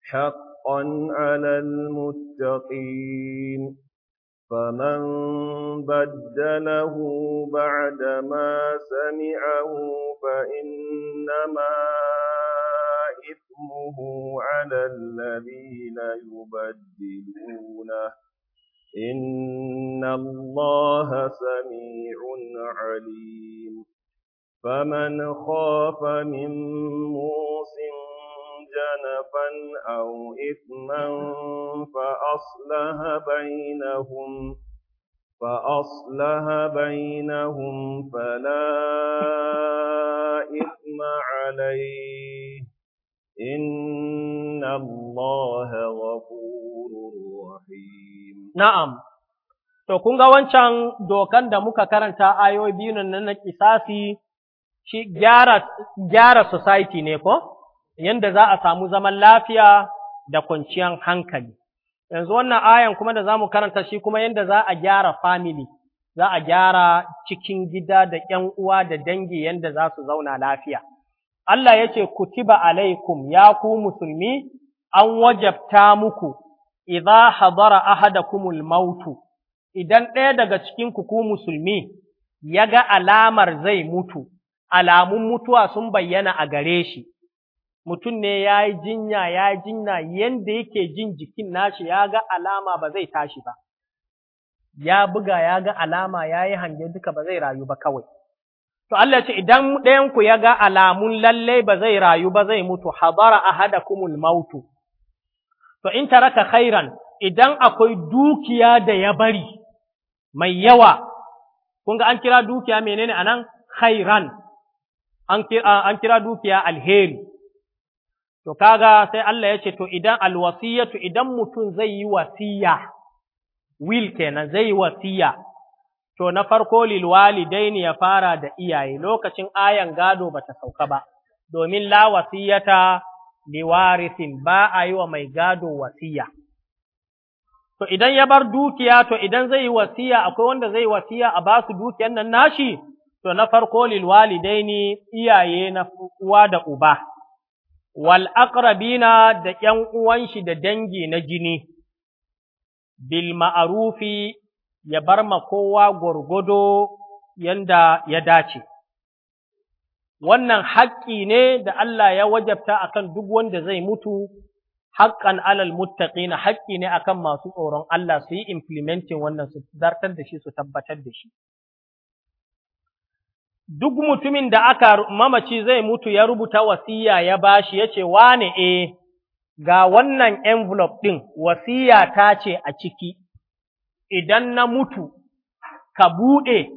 حقا على المتقين فمن بدله بعدما سمعه فإنما إثمه على الذين يبدلونه إن الله سميع عليم فمن خاف من موسم جنفا أو إثما فأصلها بينهم فأصلها بينهم فلا إثم عليه إن الله غفور رحيم نعم To, kun ga wancan dokan da muka karanta ayoyi biyun nan na kisasi, shi gyara, gyara society ne ko? yanda za a samu zaman lafiya da kwanciyar hankali. Yanzu wannan ayan kuma da za mu karanta shi kuma yanda za a gyara family, za a gyara cikin gida da ‘yan uwa da dangi yanda za su zauna lafiya. Allah ya ce, Kutiba alaikum ya ku musulmi, an wajabta muku, idza hadara ahadakumul mautu, idan ɗaya daga cikinku ku musulmi ya ga alamar zai mutu, alamun mutuwa sun bayyana a gare shi, mutum ne ya yi jinya ya yi jinya yanda yake jin jikin nashi ya ga alama ba zai tashi ba ya buga ya ga alama ya yi hange duka ba zai rayu ba kawai to Allah ce idan ɗayanku ya ga alamun lallai ba zai rayu ba zai mutu habara a hada kumul mautu to in taraka khairan idan akwai dukiya da ya bari mai yawa kun ga an kira dukiya menene anan khairan an kira dukiya alheri To kaga sai Allah ya ce to idan alwasiyatu idan mutum zai yi wasiya will kenan zai yi wasiya to na farko lil walidaini ya fara da iyaye lokacin ayan gado bata sauka ba domin la wasiyata liwarisin ba a yi wa mai gado wasiya to idan ya bar dukiya to idan zai yi wasiya akwai wanda zai wasiya a ba su dukiyan nan nashi to na farko lil walidaini iyaye na uwa da uba wal aqrabina da ‘yan uwanshi da dangi na jini, bil ma'arufi ya bar ma kowa gwargwado yanda ya dace. Wannan haƙƙi ne da Allah ya wajabta akan duk wanda zai mutu, haƙƙan alal muttaqina haƙƙi ne akan masu tsoron Allah su yi Implementin wannan su zartar da shi su tabbatar da shi. duk mutumin da aka mamaci zai mutu ya rubuta wasiya ya bashi ya ce wane e ga wannan envelope ɗin wasiya ta ce a ciki, idan na mutu ka buɗe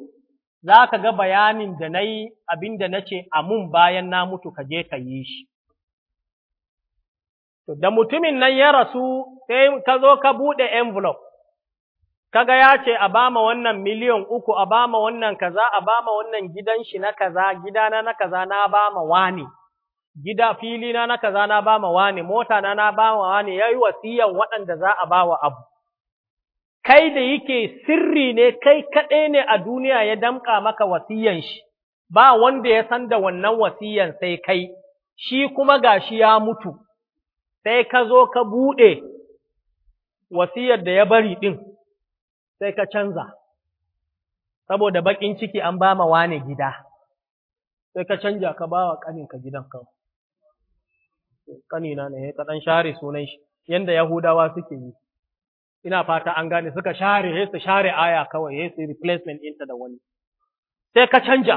za ka ga bayanin da na yi abin da na ce a mun bayan na mutu ka je ka yi shi. Da mutumin nan ya rasu sai ka zo ka buɗe envelope kaga ya ce a bama wannan miliyan uku a bama wannan kaza a bama wannan gidan shi na kaza gidana na kaza na bama wani gida fili na na kaza na bama wani mota na na bama wani yayi wasiyan waɗanda za a bawa abu kai da yake sirri ne kai kaɗai ne a duniya ya damƙa maka wasiyan shi ba wanda ya san da wannan wasiyan sai kai shi kuma gashi ya mutu sai ka zo ka buɗe wasiyar da ya bari ɗin sai ka canza, saboda baƙin ciki an ba ma wane gida, sai ka canja ka ba wa ƙaninka gidan ka. Ƙanina ne, ka ɗan share sunan shi, yanda Yahudawa suke yi. Ina fata an gane suka share, sai su share aya kawai, sai su replacement ɗinta da wani. Sai ka canja,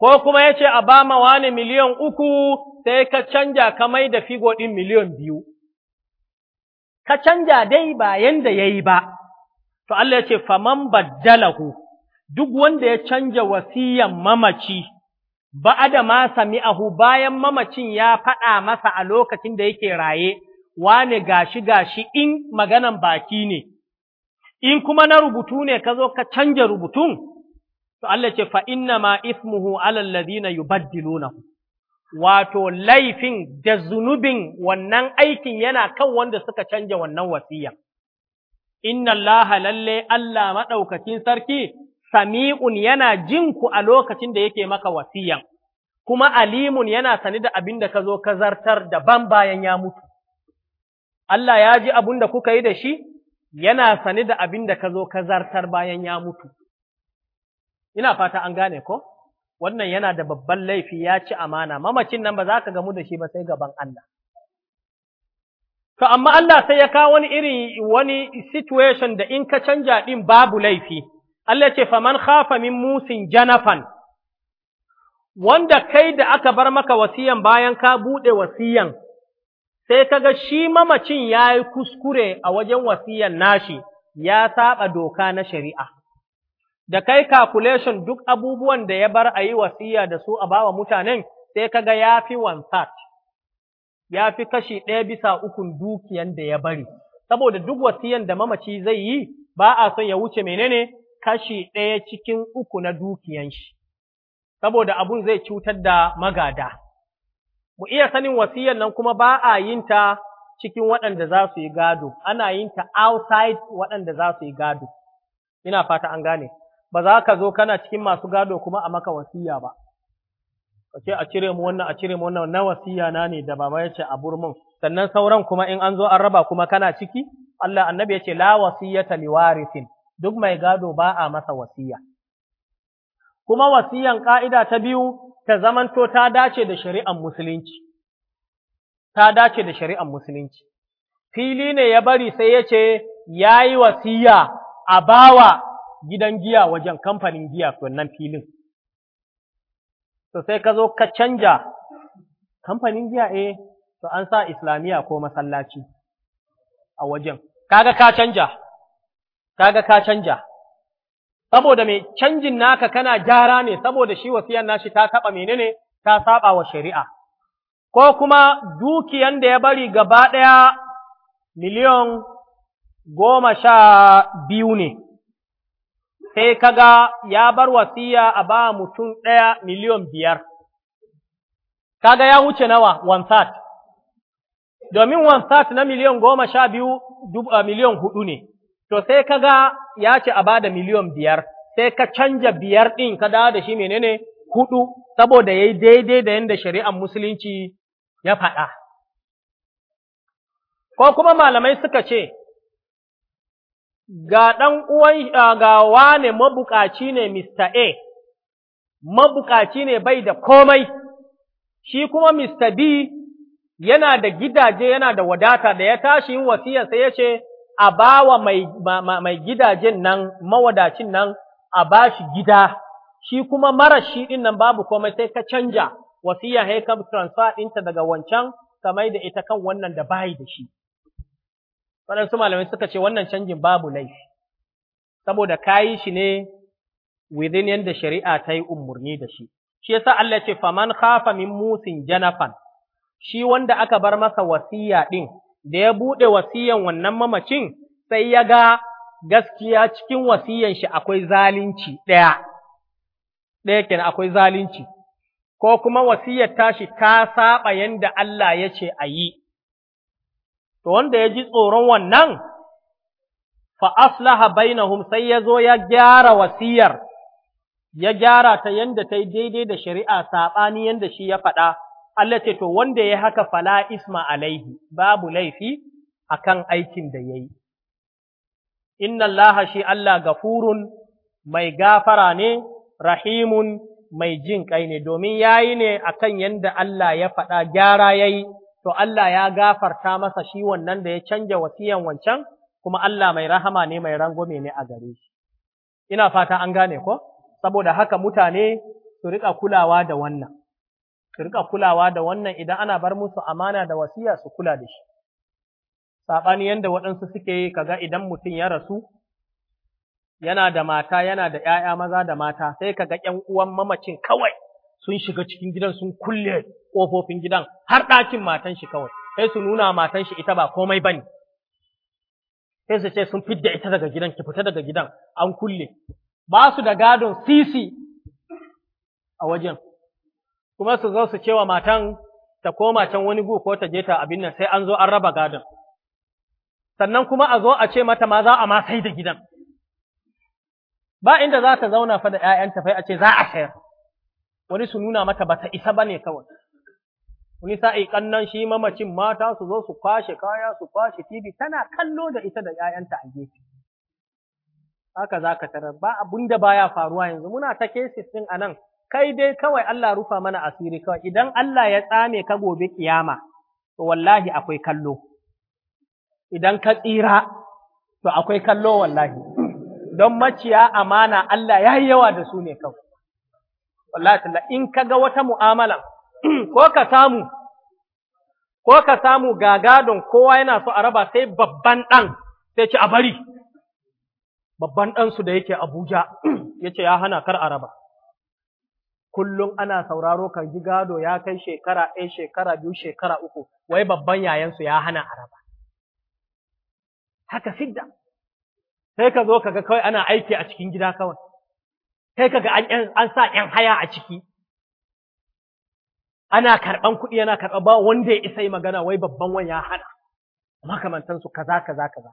ko kuma ya ce a ba ma wani miliyan uku sai ka canja ka mai da figo ɗin miliyan biyu. Ka canja dai ba yanda ya yi ba, To Allah ya ce, faman baddalahu, duk wanda ya canja wasiyan mamaci, ba'ada ma sami'ahu bayan mamacin ya faɗa masa a lokacin da yake raye, wane gashi gashi in maganan baki ne, in kuma na rubutu ne ka zo ka canja rubutun, to Allah ya ce fa inna ma ismuhu alal ladina yubaddilunahu. Wato laifin da zunubin wannan aikin yana kan wanda suka canja wannan wasiyan. inna Allah lalle Allah maɗaukakin sarki sami'un yana jin ku a lokacin da yake maka wasiyan, kuma alimun yana sani da abin da ka zo ka zartar daban bayan ya mutu. Allah ya ji abin da kuka yi da shi, yana sani da abinda da ka zo ka zartar bayan ya mutu. Ina fata an gane ko? Wannan yana da babban laifi ya ci amana, mamacin nan ba za ka gamu da shi ba sai gaban Allah. To, amma Allah sai ya kawo wani irin wani situation da in ka canja ɗin babu laifi, Allah ce, faman khafa min musin janafan, wanda kai da aka bar maka wasiyan bayan ka buɗe wasiyan, sai kaga shi mamacin ya yi kuskure a wajen wasiyan nashi, ya saɓa doka na shari'a. Da kai calculation duk abubuwan da ya bar a yi wasiya da su a bawa mutanen, sai kaga ya fi one ya fi kashi ɗaya bisa ukun dukiyan da ya bari, saboda duk wasiyan da mamaci zai yi ba a son ya wuce menene kashi ɗaya cikin uku na dukiyan shi, saboda abun zai cutar da magada. Mu iya sanin wasiyan nan kuma ba a yin ta cikin waɗanda za su yi gado, ana yin ta outside waɗanda za su yi gado. Ina fata an gane, ba za ka zo kana cikin masu gado kuma a maka wasiya ba. ka a cire mu wannan a cire mu wannan na wasiya na ne da baba yace a burmun sannan sauran kuma in an zo an raba kuma kana ciki Allah annabi yace ce la wasiyata liwarithin duk mai gado ba a masa wasiya kuma wasiyan ƙa'ida ta biyu ta zamanto ta dace da shari'ar musulunci, ta dace da shari'ar musulunci. Fili ne ya bari sai yace ce ya yi wasiya a bawa gidan giya wajen kamfanin giya wannan filin, to sai ka zo ka canja kamfanin jiya eh to an sa islamiya ko masallaci a wajen kaga ka canja kaga ka canja saboda mai canjin naka kana gyara ne saboda shi wasiyan nashi ta taba menene ta saba wa shari'a ko kuma dukiyan da ya bari gaba ɗaya miliyon goma sha biyu ne sai kaga ya bar wasiya a ba mutum ɗaya miliyon biyar, kaga ya wuce nawa wansat, domin wansat na miliyon goma sha biyu miliyon hudu ne, to sai kaga ya ce a ba da miliyon biyar, sai ka canja biyar ɗin ka dawo da shi menene hudu, saboda ya yi daidai da yadda shari'an musulunci ya faɗa. Ko kuma malamai suka ce, ga ɗan uwan ga wane mabukaci ne Mr. A, mabukaci ne bai da komai, shi kuma Mr. B yana da gidaje yana da wadata da ya tashi yin wasiyarsa ya ce, a bawa mai, mai gidajen nan mawadacin nan a ba shi gida, shi kuma mara shi ɗin nan babu komai sai ka canja wasiyar haikar transfer ɗinta daga wancan, kamar da ita kan wannan da bayi da shi. waɗansu malamai suka ce wannan canjin babu laifi, saboda ka yi shi ne within yadda shari'a ta yi umarni da shi. Shi ya sa Allah ce, faman khafa min musin janafan, shi wanda aka bar masa wasiya ɗin, da ya buɗe wasiyan wannan mamacin, sai ya ga gaskiya cikin wasiyan shi akwai zalunci ɗaya, ɗaya akwai zalunci, ko kuma wasiyar tashi ta saɓa yadda Allah ya ce a yi. to wanda ya ji tsoron wannan fa aslaha bainahum sai ya zo ya gyara wasiyar ya gyara ta yanda ta yi daidai da shari'a saɓani yanda shi ya faɗa Allah ce to wanda ya haka fala isma alaihi babu laifi akan aikin da ya yi inna allaha shi Allah gafurun mai gafara ne rahimun mai jin kai ne domin yayi ne akan yanda Allah ya faɗa gyara yayi to Allah ya gafarta masa shi wannan da ya canja wasiyan wancan kuma Allah mai rahama ne mai rangwame ne a gare shi ina fata an gane ko saboda haka mutane su rika kulawa da wannan su rika kulawa da wannan idan ana bar musu amana da wasiya su kula da shi saɓani yadda waɗansu suke yi kaga idan mutum ya rasu yana da mata yana da ‘ya'ya maza da mata sai kaga ‘yan uwan mamacin kawai sun shiga cikin gidan sun kulle ƙofofin gidan har ɗakin matan shi kawai, sai su nuna matan shi ita ba komai ba ne. Sai su ce sun fidda ita daga gidan, ki fita daga gidan, an kulle. Ba su da gadon sisi a wajen, kuma su zo su ce wa matan ta koma can wani gu ko ta je ta abin nan sai an zo an raba gadon. Sannan kuma a zo a ce mata ma za a ma sai da gidan. Ba inda za ta zauna fa da ‘ya'yanta fai a ce za a sayar, wani su nuna mata ba ta isa ba ne kawai. wani sa'i kannan shi mamacin mata su zo su kwashe kaya su kwashe TV tana kallo da ita da ‘ya'yanta a gefe. Haka za ka tarar ba abun da baya faruwa yanzu muna ta cases ɗin a nan, kai dai kawai Allah rufa mana asiri kawai idan Allah ya tsame ka gobe kiyama, to wallahi akwai kallo. Idan ka tsira, to akwai kallo wallahi. Don maciya amana Allah ya yi yawa da su ne kawai. Wallahi in ka ga wata mu'amala ko ka samu, ko ka samu gagadon kowa yana so a raba sai babban ɗan sai ce a bari, babban ɗansu da yake Abuja ya ce ya hana kar a raba. Kullum ana sauraro kan ji gado ya kai shekara ɗaya, shekara biyu, shekara uku, wai babban yayansu ya hana a raba. Haka sidda, sai ka zo kaga kawai ana aiki a cikin gida kawai, sai kaga an sa ‘yan haya a ciki, ana karɓan kuɗi yana karɓa ba wanda ya isa yi magana wai babban wani ya hana makamantansu kaza kaza kaza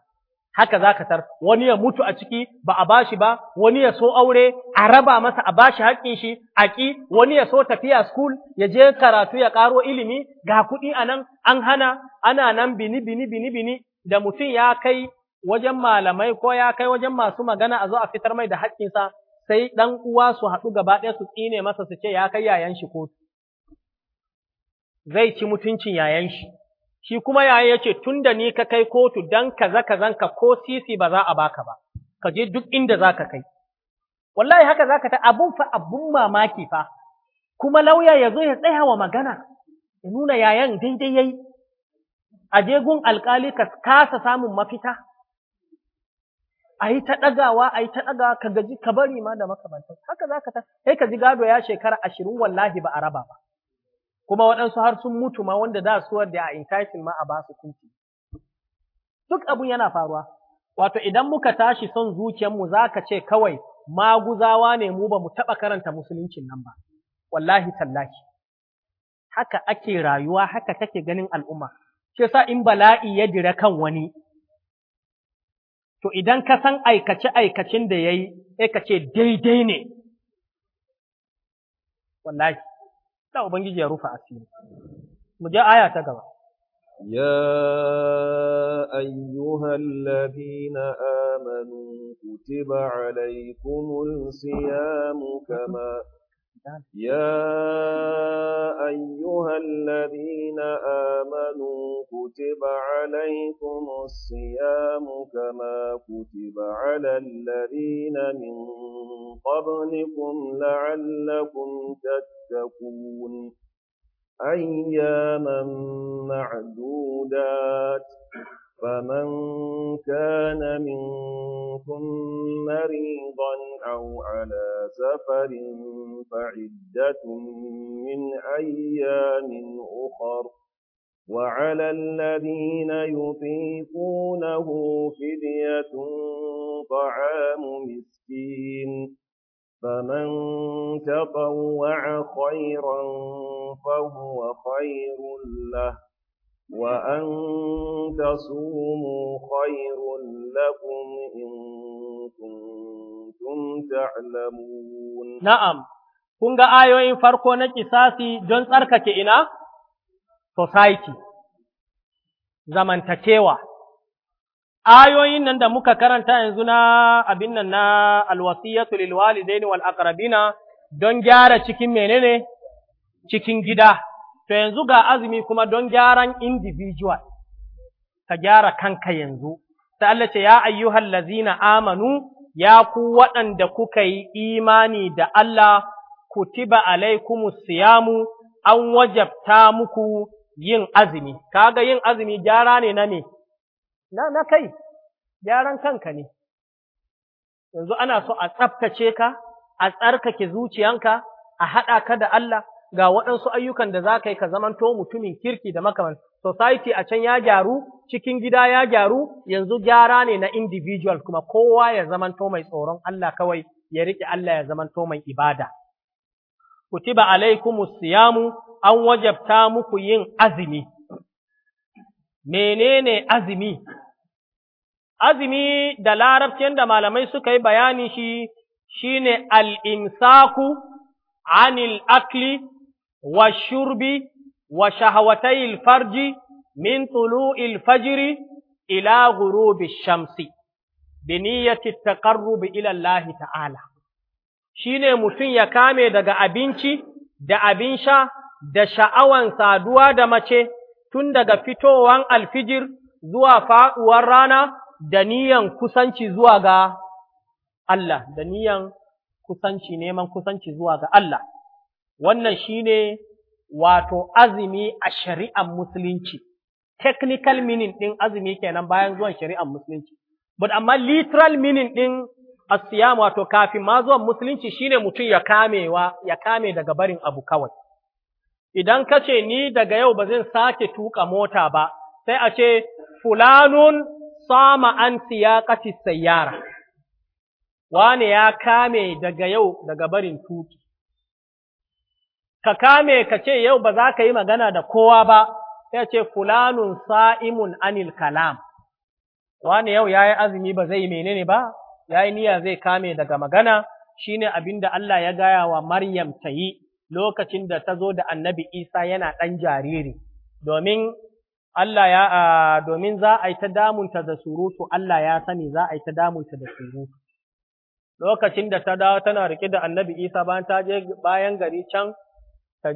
haka za ka tar wani ya mutu a ciki ba a bashi ba wani ya so aure a raba masa a bashi haƙƙin shi a ƙi wani ya so tafiya school ya je karatu ya ƙaro ilimi ga kuɗi a nan an hana ana nan bini bini bini bini da mutum ya kai wajen malamai ko ya kai wajen masu magana a zo a fitar mai da haƙƙinsa sai ɗan uwa su haɗu gaba ɗaya su tsine masa su ce ya kai yayan shi kotu zai ci mutuncin yayan shi shi kuma yayan yace da ni ka kai kotu dan kaza kazan ka ko sisi ba za a baka ba ka je duk inda za ka kai wallahi haka za ka ta abun fa abun mamaki fa kuma lauya ya zo ya tsaya wa magana ya nuna yayan daidai yayi a je gun alkali ka kasa samun mafita a yi ta ɗagawa a yi ta ɗagawa ka gaji ka bari ma da makamantar haka za ka ta sai ka ji gado ya shekara ashirin wallahi ba a raba ba kuma waɗansu har sun mutu ma wanda da su da a intashin ma a ba su kunci. Duk abun yana faruwa, wato idan muka tashi son zuciyar za ka ce kawai maguzawa ne mu ba mu taɓa karanta musuluncin nan ba, wallahi tallahi. Haka ake rayuwa, haka take ganin al'umma, shi sa in bala'i ya jira kan wani, to idan ka san aikace-aikacin da ya yi, sai ka ce daidai ne, wallahi. da ubangiji ya rufa asiri mu je aya ta gaba يا أيها الذين آمنوا كتب عليكم الصيام كما يا عليكم الصيام كما كتب على الذين من قبلكم لعلكم تتقون أياما معدودات فمن كان منكم مريضا أو على سفر فعدة من أيام أخر وعلى الذين يطيقونه فدية طعام مسكين فمن تطوع خيرا فهو خير له وأن تصوموا خير لكم إن كنتم تعلمون نعم نعم، ga ayoyin farko كِسَاسِي أركك don society, zamantakewa. Ayoyin nan da muka karanta yanzu na abin nan na alwasiyatu lil walidaini wal aqrabina don gyara cikin menene cikin gida. To yanzu ga azumi kuma don gyaran individual. Ka gyara kanka yanzu. Sai Allah ce ya ayyuhal lazina amanu ya ku waɗanda kuka yi imani da Allah kutiba alaikumus siyamu an wajabta muku yin azumi, ka ga yin azumi gyara ne na me, na, na kai, gyaran kanka ne, yanzu ana so a tsaftace ka, a tsarkake zuciyanka, a haɗa ka da Allah, ga waɗansu ayyukan da za ka yi ka zamanto mutumin kirki da makaman. Society a can ya gyaru, cikin gida ya gyaru, yanzu gyara ne na individual kuma kowa ya zamanto mai tsoron Allah kawai, ya riƙe Allah ya zamanto mai ibada. kutiba alaikum siyamu an wajabta muku yin azumi. Menene azumi? Azumi da larabcin da malamai suka yi bayani shi shine al'imsaku, anil akli, wa shurbi, wa shahawatayil farji, min tulu'il fajiri, ila gurubi shamsi, bi niyyati taqarrubi ila Allah ta'ala. shine mutum ya kame daga abinci da abin sha da sha'awan saduwa da mace tun daga fitowan alfijir zuwa faɗuwar rana da niyan kusanci zuwa ga Allah, da niyan kusanci neman kusanci zuwa ga Allah. Wannan shine wato azumi a shari'an musulunci, technical meaning ɗin azumi kenan bayan zuwan shari'an musulunci. But amma literal meaning ɗin asiyam wato kafin ma zuwan musulunci shine mutum ya kamewa ya kame daga barin abu kawai idan ka ce ni daga yau ba zan sake tuka mota ba sai a ce fulanun sama an siyaqati sayyara wane ya kame daga yau daga barin tuki ka kame ka ce yau ba za ka yi magana da kowa ba sai a ce fulanun sa'imun anil kalam wane yau yayi azumi ba zai menene ba ya yi niyya zai kame daga magana shine abin da Allah ya gaya wa Maryam ta yi lokacin da ta zo da annabi Isa yana ɗan jariri, domin Allah ya domin za a yi ta damunta da surutu Allah ya sani za a yi ta damunta da surutu. Lokacin da ta dawo tana riƙe da annabi Isa bayan ta je bayan gari can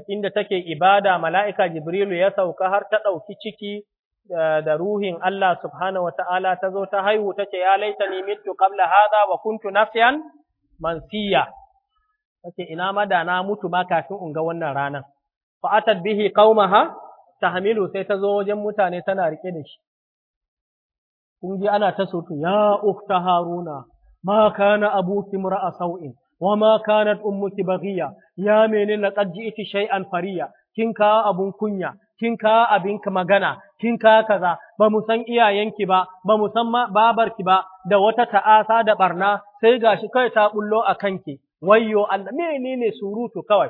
inda take ibada mala'ika Jibrilu ya sauka har ta ɗauki ciki da ruhin Allah subhanahu wata'ala ta zo ta haihu ta ce ya laita ni mitu qabla wa kuntu nafiyan mansiya ce ina ma na mutu ma kafin in ga wannan rana fa kauma bihi qaumaha tahmilu sai ta zo wajen mutane tana rike da shi kun ji ana ta sutu ya ukta haruna ma kana abuki a sau'in wa ma kanat ummuki baghiya ya menene laqad ji'ti shay'an fariya kin kawo abun kunya kin ka abin magana, kin ka kaza, ba mu san iyayenki ba, ba mu san babarki ba, da wata ta'asa da barna, sai gashi kai ta bullo a kanki, wayyo Allah, menene surutu kawai.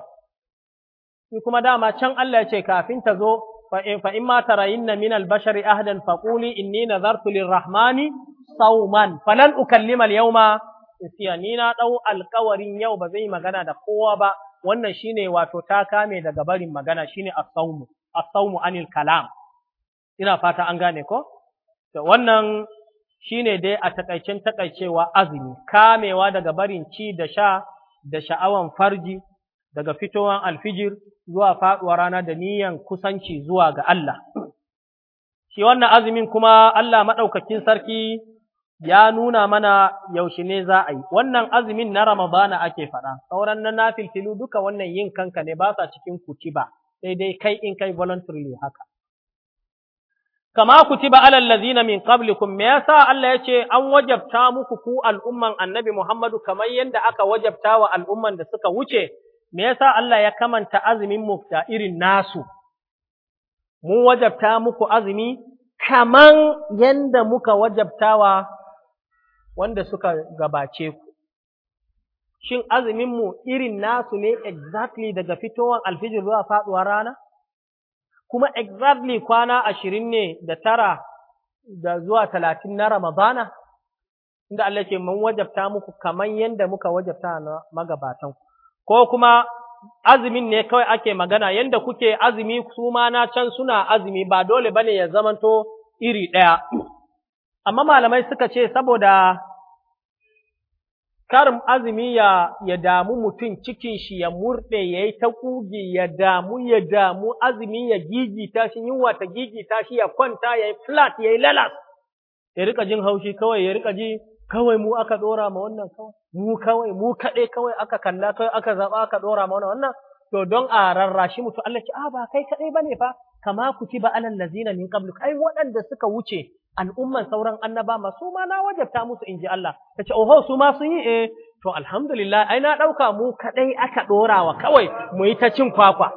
Shi kuma dama can Allah ya ce kafin ta zo, fa in ma tarayinna min albashari ahdan faquli inni nazartu lirrahmani sauman falan ukallima al-yawma isiya ni na dau alkawarin yau ba zai magana da kowa ba wannan shine wato ta kame daga barin magana shine as-sawm asawmu mu anil kalam ina fata an gane ko to wannan shine dai a takaicen takaicewa azumi kamewa daga barin ci da sha da sha'awan farji daga fitowan alfijir zuwa faduwar rana da niyan kusanci zuwa ga Allah shi wannan azumin kuma Allah madaukakin sarki ya nuna mana yaushe ne za a yi wannan azumin na ramadana ake faɗa sauran na nafilfilu duka wannan yin kanka ne ba sa cikin kutiba sai dai kai in kai voluntarily haka kama kutiba alal lazina min qablikum me yasa Allah yace an wajabta muku ku al'umman Annabi Muhammadu kamar yadda aka wajabta wa al'umman da suka wuce me yasa Allah ya kamanta azumin mu da irin nasu mu wajabta muku azumi kaman yanda muka wajabta wa wanda suka gabace ku shin azuminmu irin nasu ne exactly daga fitowar alfijir zuwa faɗuwar rana? Kuma exactly kwana ashirin ne da tara da zuwa talatin na Ramadana? Inda Allah ce mun wajabta muku kaman yadda muka wajabta na magabatan ko kuma azumin ne kawai ake magana yadda kuke azumi su ma na can suna azumi ba dole bane ya zamanto iri ɗaya. Amma malamai suka ce saboda karin azumi ya, ya damu mutum cikin shi ya murɗe ya yi ta ƙugi ya damu ya damu azumi ya gigita shi yunwa ta gigita shi ya kwanta ya yi flat ya yi lalas ya rika jin haushi kawai ya rika ji kawai mu aka ɗora ma wannan kawai mu kawai mu kaɗai kawai aka kalla kawai aka zaɓa aka ɗora ma wannan to don a rarrashi mutu Allah ce a ah, ba kai kaɗai bane fa kama ku ci ba alal lazina min qablu kai waɗanda suka wuce al'umman sauran annaba ma su ma na wajabta musu in ji Allah ta ce oho su ma sun yi E, to alhamdulillah ai na ɗauka mu kaɗai aka ɗorawa kawai mu yi ta cin kwakwa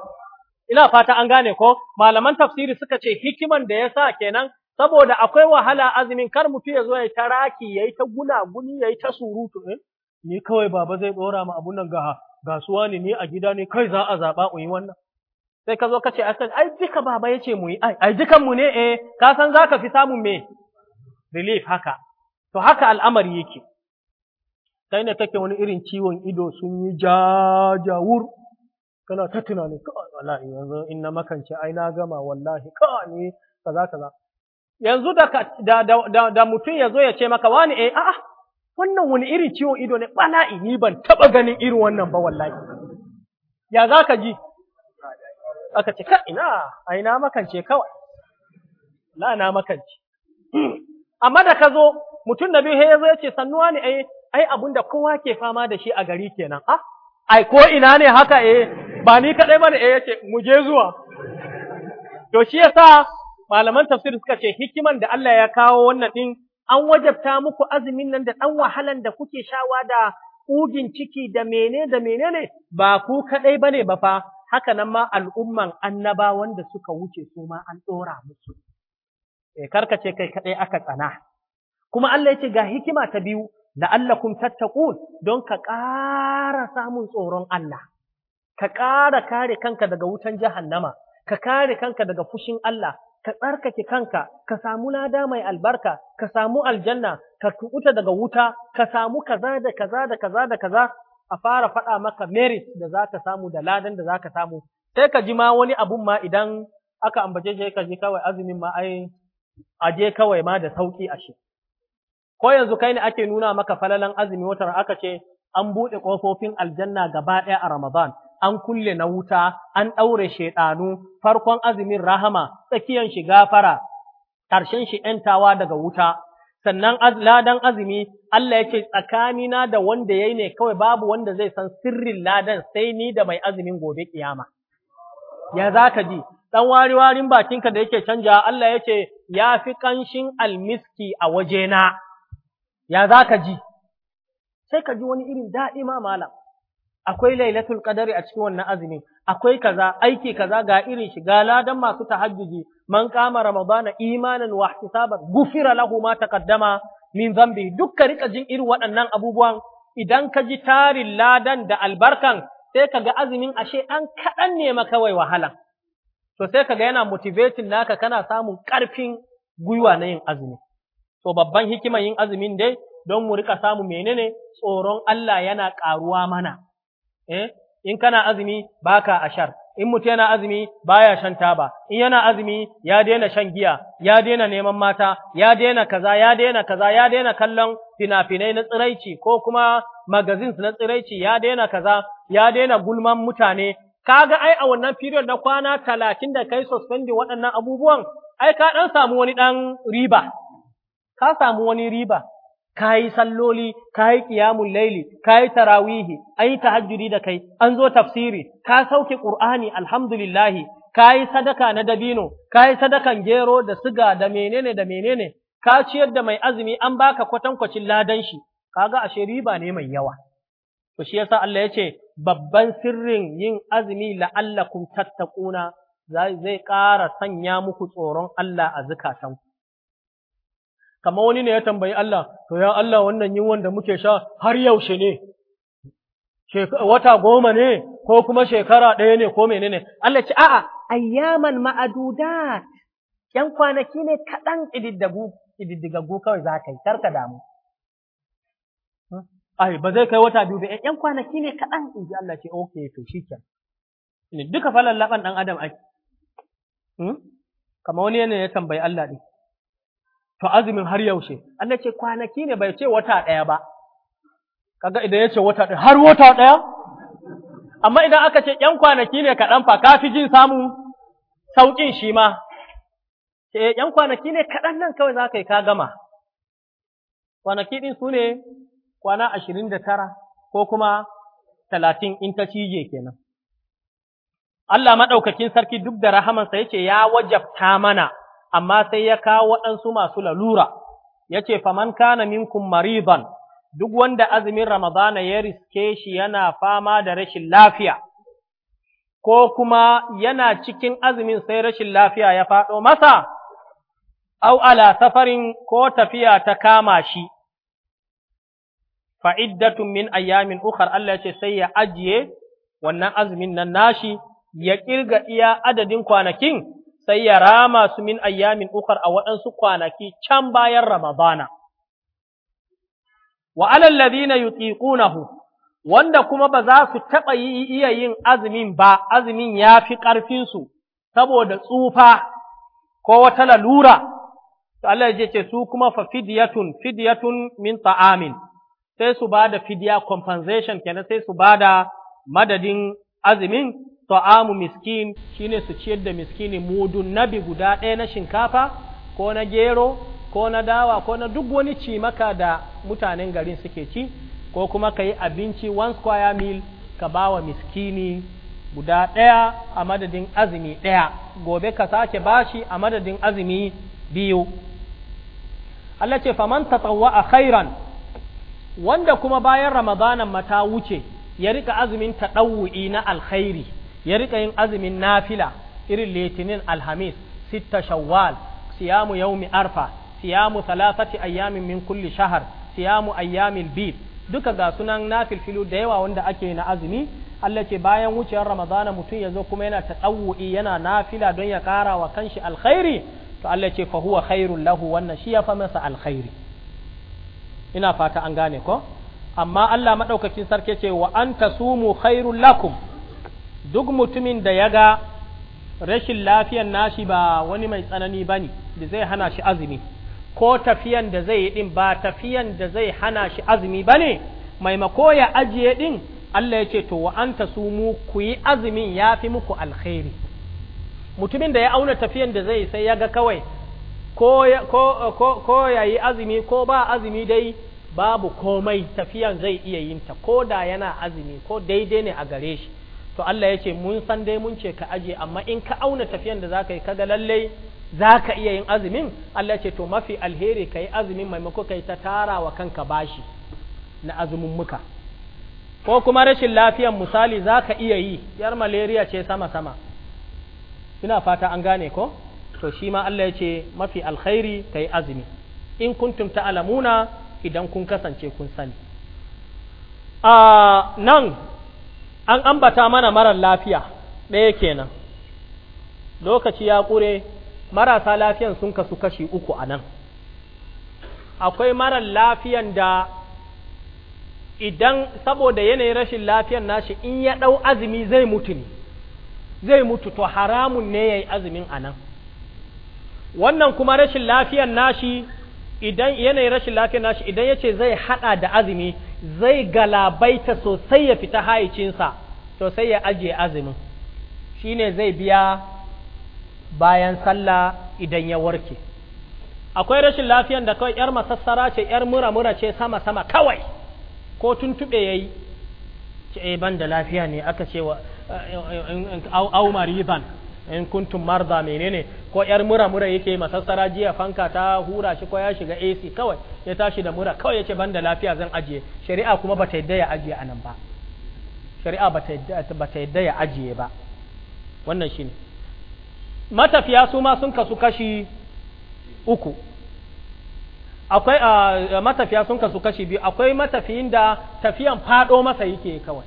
ina fata an gane ko malaman tafsiri suka ce hikiman da ya sa kenan saboda akwai wahala azumin kar mutum ya zo ya ta raki ya yi ta gunaguni ya yi ta surutu eh ni kawai baba zai ɗora ma abun nan ga gasuwa ne ni a gida ne kai za a zaɓa in yi wannan sai ka zo ka ce ai duka baba yace mu yi ai dukan mu ne eh ka san zaka fi samun me relief haka to haka al'amari yake Sai ne take wani irin ciwon ido sun yi jajawur kana ta tunani kawai wallahi yanzu in na makance ai na gama wallahi kawai ne kaza kaza yanzu da da da, da, mutum ya zo ya ce maka wani eh a'a wannan wani irin ciwon ido ne bala'i ni ban taba ganin irin wannan ba wallahi ya zaka ji aka ce ka ina ai na makance kawai la na makance amma da ka zo mutum na biyu ya zo ya ce sannuwa ne ai ai kowa ke fama da shi a gari kenan ah ai ko ina ne haka eh ba ni kadai bane eh yace mu je zuwa to shi yasa malaman tafsir suka ce hikiman da Allah ya kawo wannan din an wajabta muku azumin nan da dan wahalan da kuke shawa da ƙugin ciki da menene, da menene ba ku kadai bane ne ba fa, haka nan ma al'umman annaba wanda suka wuce su ma an ɗora musu, e, eh, karkace kai kaɗai aka tsana. Kuma Allah ya ce ga hikima ta biyu, kun tattaku, don ka ƙara samun tsoron Allah, ka ƙara kare kanka daga wutan jahannama, ka kare kanka daga fushin Allah, ka tsarkake kanka, ka samu lada mai albarka, ka samu aljanna, ka kuɓuta daga wuta, ka samu kaza da kaza da kaza da kaza, a fara faɗa maka merit da za ka samu da ladan da za ka samu, sai ka ji ma wani abun ma idan aka ambace shi ka ji kawai azumin ma ai aje kawai ma da sauƙi a shi. Ko yanzu kai ne ake nuna maka falalan azumi watar aka ce an buɗe ƙofofin aljanna gaba ɗaya a Ramadan, an kulle na wuta, an ɗaure shaiɗanu, farkon azumin rahama, tsakiyan shi gafara, ƙarshen shi ‘yantawa daga wuta, sannan ladan azumi Allah ya ce tsakanina da wanda ya yi ne kawai babu wanda zai san sirrin ladan sai ni da mai azumin gobe kiyama. Ya za ka ji, ɗan wari-warin bakinka da yake canja Allah ya ce ya fi ƙanshin almiski a wajena, ya za ka ji, sai ka ji wani irin daɗi ma malam, akwai lailatul ƙadari a cikin wannan azumin, akwai kaza aiki kaza ga irin shi ga ladan masu tahajjuji man kama ramadana imanan wa ihtisaban gufira lahu ma taqaddama min dhanbi dukka rika jin irin waɗannan abubuwan idan ka ji tarin ladan da albarkan sai ka ga azumin ashe an kaɗan ne ma kawai wahala to sai ka ga yana motivating naka kana samun ƙarfin gwiwa na yin azumi to babban hikiman yin azumin dai don mu rika samu menene tsoron Allah yana ƙaruwa mana eh in kana azumi baka ashar in mutum yana azumi baya shan taba in yana azumi ya daina shan giya ya daina neman mata ya daina kaza ya daina kaza ya daina kallon fina-finai na tsiraici ko kuma magazines na tsiraici ya daina kaza ya daina gulman mutane kaga ai a wannan period na kwana talatin da kai suspendi waɗannan abubuwan ai ka ɗan samu wani ɗan riba ka samu wani riba ka yi salloli, ka yi ƙiyamun laili, ka yi tarawihi, an yi tahajjudi da kai, an zo tafsiri, ka sauke ƙur'ani alhamdulillahi, ka yi sadaka na dabino, ka yi sadakan gero da siga da menene da menene, ka ciyar da mai azumi an baka kwatankwacin ladan shi, kaga ashe riba ne mai yawa. To shi yasa Allah ya ce, babban sirrin yin azumi la'allakum tattaquna zai ƙara sanya muku tsoron Allah a zukatanku. kama wani ne ya tambayi Allah, to ya Allah wannan yunwan da muke sha har yaushe ne, wata goma ne, ko kuma shekara ɗaya ne, ko mene ne? Allah ce, a'a, ayyaman ma'aduda, ‘yan kwanaki ne kaɗan ƙididdigaggu kawai za ka yi, karka damu. Hmm? Ai, ba zai kai wata biyu ba, ‘yan kwanaki ne kaɗan, in ji Allah ce, ok, to shi Duka falallaɓan ɗan Adam ake. Hmm? kama wani ne ya tambayi Allah ɗin. to azumin har yaushe Allah ce kwanaki ne bai ce wata ɗaya ba kaga idan ya wata ɗaya har wata ɗaya amma idan aka ce ƴan kwanaki ne kaɗan fa ka fi jin samun sauƙin shi ma ce ƴan kwanaki ne kaɗan nan kawai za ka yi ka gama kwanaki ɗin sune kwana ashirin da tara ko kuma talatin in ta cije kenan Allah maɗaukakin sarki duk da rahamansa ya ce ya wajabta mana amma sai ya kawo waɗansu masu lalura, ya ce, Faman kana minkum mariban, duk wanda azumin Ramadana ya riske shi yana fama da rashin lafiya, ko kuma yana cikin azumin sai rashin lafiya ya faɗo masa, au ala safarin ko tafiya ta kama shi, fa'iddatun min ayyamin ukar Allah ce sai ya ajiye wannan azumin nan nashi, ya ƙirga iya adadin kwanakin sai ya rama su min ayyamin ukar a waɗansu kwanaki can bayan Ramadana. Wa alallazina yutiqunahu wanda kuma ba za su taɓa iya yin azumin ba, azumin ya fi ƙarfinsu saboda tsufa ko wata lalura, Su Allah ya ce su kuma fa fidiyatun, fidiyatun min ta'amin, sai su ba da fidiya compensation kenan sai su ba da madadin azumin ta'amu miskin shine su ciyar da miskini mudun nabi guda ɗaya na shinkafa ko na gero ko na dawa ko na duk wani cimaka da mutanen garin suke ci ko kuma ka yi abinci one square meal ka ba wa miskini guda ɗaya a madadin azumi ɗaya gobe ka sake bashi a madadin azumi biyu Allah ce faman tatawwa a khairan wanda kuma bayan ramadanan mata wuce ya rika azumin taɗawu'i na alkhairi ya rika yin azumin nafila irin litinin alhamis sitta shawwal siyamu yaumi arfa siyamu thalathati ayyamin min kulli shahar siyamu ayyamil bid duka ga sunan nafilfilu da yawa wanda ake na azumi Allah ce bayan wucewar Ramadana mutum ya zo kuma yana taɗawu'i yana nafila don ya ƙara wa kanshi alkhairi to Allah ce fa huwa khairul lahu wannan shi ya fa masa alkhairi ina fata an gane ko amma Allah madaukakin sarki ce wa anta sumu khairul lakum duk mutumin da ya ga rashin lafiyan nashi ba wani mai tsanani ba ne da zai hana shi azumi ko tafiyan da zai yi ɗin ba tafiyan da zai hana shi azumi ba ne maimako ya ajiye ɗin Allah ya ce to wa an su mu ku yi azumin ya fi muku alkhairi mutumin da ya auna tafiyan da zai sai ya ga kawai ko ya yi azumi ko ba azumi dai babu komai tafiyan zai iya yinta ko da yana azumi ko daidai ne a gare shi to Allah yake mun san dai mun ce ka aje amma in ka auna tafiyan da zaka yi kaga lallai zaka iya yin azumin Allah yake to mafi alheri ka yi azumin maimako ka yi ta tara wa kanka bashi na azumin muka ko kuma rashin lafiyan misali zaka iya yi yar malaria ce sama sama ina fata an gane ko to shi ma Allah ya mafi alkhairi kai yi azumi in kuntum ta'lamuna idan kun kasance kun sani a ah, nan an ambata mana marar lafiya ɗaya kenan lokaci ya ƙure marasa lafiyan sun kasu kashi uku a nan akwai marar lafiyan da idan saboda yanayin rashin lafiyan nashi in ya ɗau azumi zai mutu ne zai mutu to haramun ne ya yi azumin a nan wannan kuma rashin lafiyan nashi idan yanayin rashin lafiyan nashi idan ya ce zai haɗa da azumi zai galabaita sosai ya fita haicinsa sosai ya ajiye azumin shi ne zai biya bayan sallah idan ya warke akwai rashin lafiyan da kawai yar masassara ce yar mura mura ce sama sama kawai ko tuntube yi ce eh, ban da lafiya ne aka ce wa eh, eh, au in kuntum marza menene ko yar mura mura yake masassara jiya fanka ta hura shi ko ya shiga AC kawai ya tashi da mura kawai yace banda lafiya zan ajiye shari'a kuma bata yadda ya ajiye anan ba shari'a bata yadda ya ajiye ba wannan shine matafiya su ma sun kasu kashi uku akwai ah, matafiya sun kasu kashi biyu akwai matafiyin da tafiyan fado masa yake kawai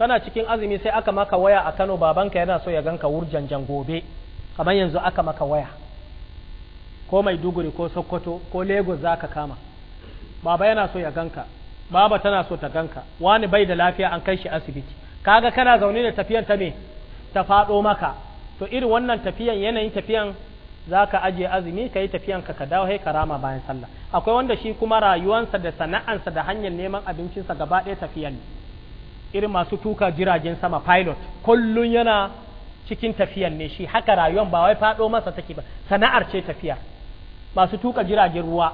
kana cikin azumi sai aka maka waya a Kano babanka yana so ya ganka wurjanjan gobe kamar yanzu aka maka waya ko Maiduguri ko Sokoto ko Lagos zaka kama baba yana so ya ganka baba tana so ta ganka wani bai da lafiya an kai shi asibiti kaga kana zaune da tafiyan ta me ta fado maka to iri wannan tafiyan yanayin tafiyan zaka ka ajiye azumi ka tafiyan ka ka dawo ka karama bayan sallah akwai wanda shi kuma rayuwansa da sana'ansa da hanyar neman abincinsa gaba ɗaya tafiyan ne irin masu tuka jiragen sama pilot kullum yana cikin tafiyan ne shi haka rayuwan ba wai faɗo masa take ba sana'ar ce tafiya masu tuka jiragen ruwa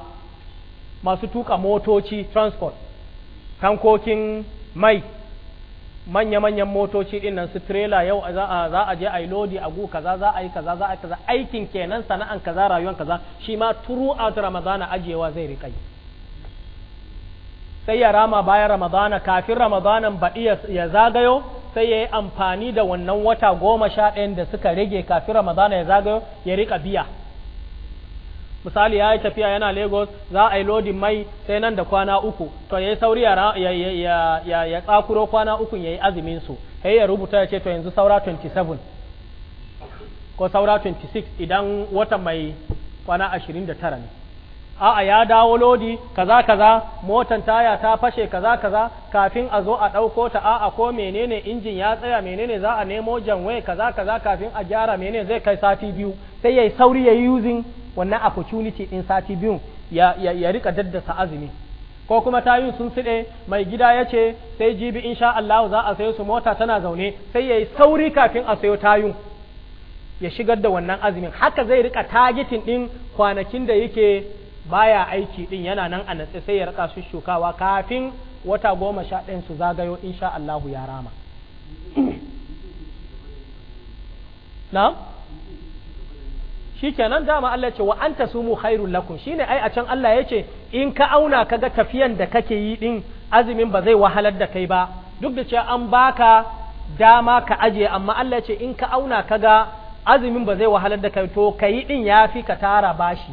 masu tuka motoci transport tankokin mai manya-manyan motoci din nan su trailer yau za a je a yi lodi a gu kaza za a yi kaza za a kaza aikin kenan sana'an kaza rayuwan kaza shi ma turu a ramadana ajiyewa zai riƙa yi sai ya rama bayan ramadana kafin ramadanan baɗi ya zagayo sai ya yi amfani da wannan wata goma sha ɗayan da suka rage kafin ramadana ya zagayo ya riƙa biya misali ya yi tafiya yana lagos za a yi lodin mai sai nan da kwana uku to ya yi sauri ya tsakuro kwana uku ya yi azumin su sai ya rubuta ya ce to yanzu saura 27 ko saura 26 idan wata mai kwana 29 ne a'a ya dawo lodi kaza kaza motan taya ta fashe kaza kaza kafin a zo a ɗauko ta a'a ko menene injin ya tsaya menene za a nemo janwe kaza kaza kafin a gyara menene zai kai sati biyu sai yayi sauri yayi using wannan opportunity din sati biyu ya ya, rika daddasa azumi ko kuma tayin sun siɗe mai gida ya ce sai jibi insha Allah za a sayo su mota tana zaune sai yayi sauri kafin a sayo tayun ya shigar da wannan azumin haka zai rika targeting din kwanakin da yake baya aiki din yana nan a natse sai ya rika shukawa kafin wata goma sha ɗayan su zagayo insha Allahu ya rama Shi shikenan dama Allah ce wa anta sumu khairul lakum shine ai a can Allah ya ce in ka auna kaga tafiyan da kake yi din azumin ba zai wahalar da kai ba duk da cewa an baka dama ka aje amma Allah ce in ka auna kaga azumin ba zai wahalar da kai to kai din yafi ka tara bashi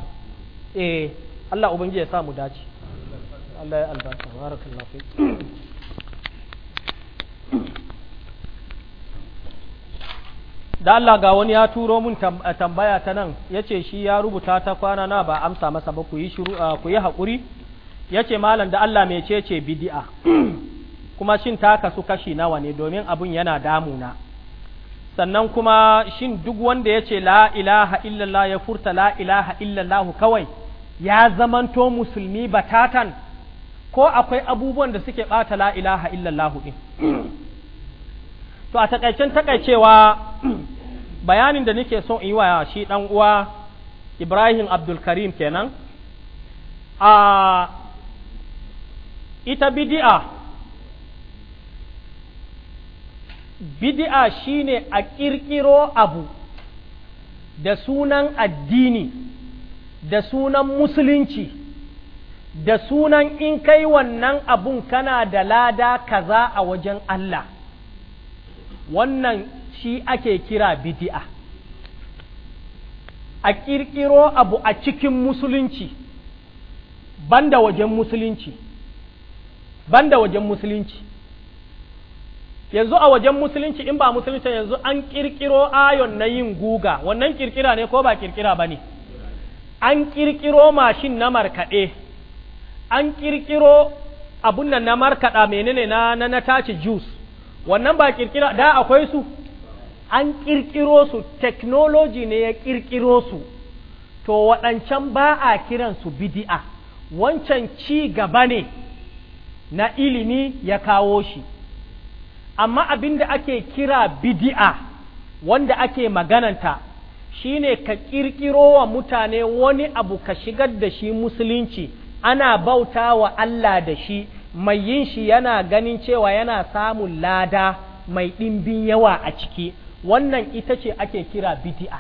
eh Allah ubangiji ya samu dace Allah ya albarka barakallahu fi da Allah ga wani ya turo mun eh, tambaya ta nan yace shi ya rubuta ta kwana na ba amsa masa ba ku yi shiru eh, ku yi hakuri yace malam da Allah mecece bid'a kuma shin ta kasu kashi nawa ne domin abun yana damuna sannan kuma shin duk wanda yace ce la ilaha illallah ya furta la ilaha illallah kawai ya zamanto musulmi batatan ko akwai abubuwan da suke bata la ilaha illallahu din to a takaicen takaicewa bayanin da nake son yi wa shi dan uwa ibrahim abdulkarim kenan a ita bidi'a bidi'a shine a kirkiro abu da sunan addini da sunan musulunci da sunan in kai wannan abun kana da lada kaza a wajen Allah wannan shi ake kira bidi'a a ƙirƙiro abu a cikin musulunci banda wajen musulunci banda wajen musulunci yanzu a wajen musulunci in ba musulunci yanzu an kirkiro ayon na yin guga wannan kirkira ne ko ba kirkira ba ne an ƙirƙiro mashin na markaɗe an ƙirƙiro abun nan na markaɗa menene na na, na tace juice wannan ba kirkira da akwai su an kirkiro su technology ne ya kirkiro su to waɗancan ba a su bidi'a wancan ci gaba ne na ilimi ya kawo shi amma abin da ake kira bidi'a wanda ake magananta Shi ne ka ƙirƙiro wa mutane wani abu ka shigar da shi musulunci ana bauta wa Allah da shi mai yin shi yana ganin cewa yana samun lada mai ɗimbin yawa a ciki wannan ita ce ake kira bidi'a.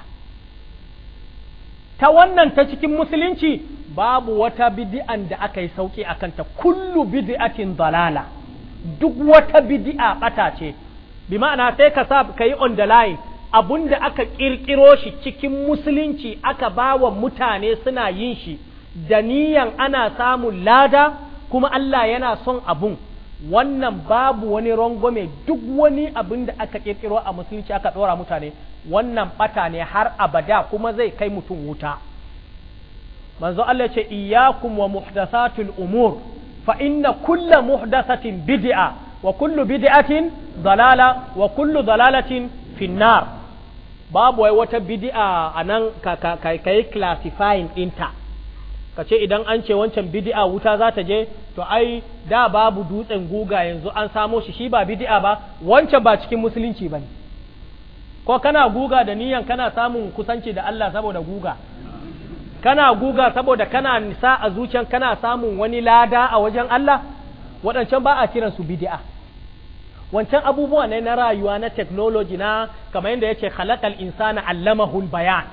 ta wannan ta cikin musulunci babu wata bidi'an da aka yi sauƙi a kanta kullu bidi'atin dalala duk wata bidi'a ɓata ce bi ma'ana sai ka sa ka yi on the line abun da aka ƙirƙiro shi cikin musulunci aka ba wa mutane suna yin shi da niyan ana samun lada kuma Allah yana son abun wannan babu wani rangwame duk wani abin da aka ƙirƙiro a musulunci aka ɗora mutane wannan ɓata ne har abada kuma zai kai mutum wuta manzo Allah ce iyyakum wa muhdathatul umur fa inna kulla muhdathatin bid'a wa kullu bid'atin dalala wa kullu dalalatin finnar babu wai wata bid'a a nan ka kai classifying ɗinta kace idan an ce wancan bid'a wuta za ta je to ai da babu dutsen guga yanzu an samo shi shi ba bid'a ba wancan ba cikin musulunci ba ne ko kana guga da niyan kana samun kusanci da Allah saboda guga kana guga saboda kana nisa a zuciyan kana samun wani lada a wajen Allah waɗancan ba a kiransu bid'a wancan abubuwa ne na rayuwa na technology na kamar yadda yake khalaqal insana allamahul bayan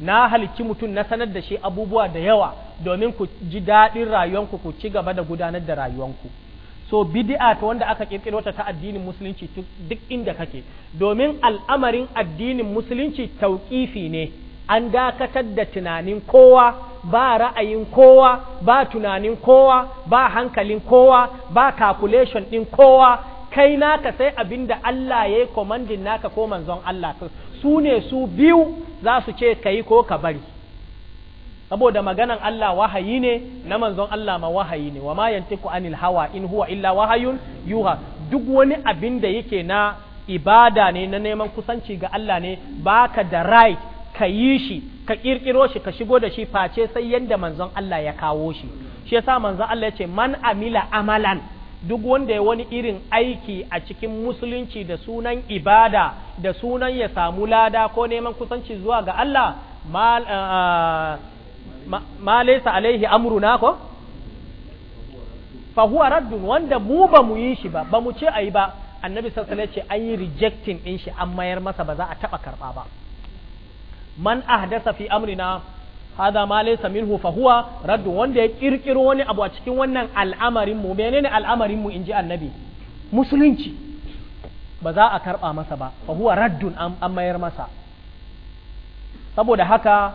na halicci mutum na sanar da shi abubuwa da yawa domin ku ji daɗin rayuwanku ku ci gaba da gudanar da rayuwar ku. so bid'a ta wanda aka kirkiro ta ta addinin musulunci duk inda kake domin al'amarin addinin musulunci tauƙifi ne an dakatar da tunanin kowa ba ra'ayin kowa ba tunanin kowa ba hankalin kowa ba calculation ɗin kowa kai naka sai abinda Allah ya yi komandin naka ko manzon Allah su ne su biyu za su ce ka yi ko ka bari saboda maganan Allah wahayi ne na manzon Allah ma wahayi ne wa ma yantiku anil hawa in huwa illa wahayun yuha duk wani abin da yake na ibada ne na neman kusanci ga Allah ne baka da right ka yi shi ka ƙirƙiro shi ka shigo da shi face sai yadda manzon Allah ya kawo shi shi yasa manzon Allah ya ce man amila amalan duk wanda ya wani irin aiki a cikin musulunci da sunan ibada da sunan ya samu lada ko neman kusanci zuwa ga Allah ma ah, laisa alaihi amruna ko fahuwa raddun wanda mu ba mu yi shi ba ba mu ce a yi ba annabi sassale ce an yi rejecting ɗin shi an mayar masa ba za a taɓa karɓa ba man ahdasa fi amrina hada ma laysa minhu fa huwa raddu wanda ya kirkiro wani abu a cikin wannan al'amarin mu menene al'amarin mu inji annabi musulunci ba za a karba masa ba fa huwa raddun an mayar masa saboda haka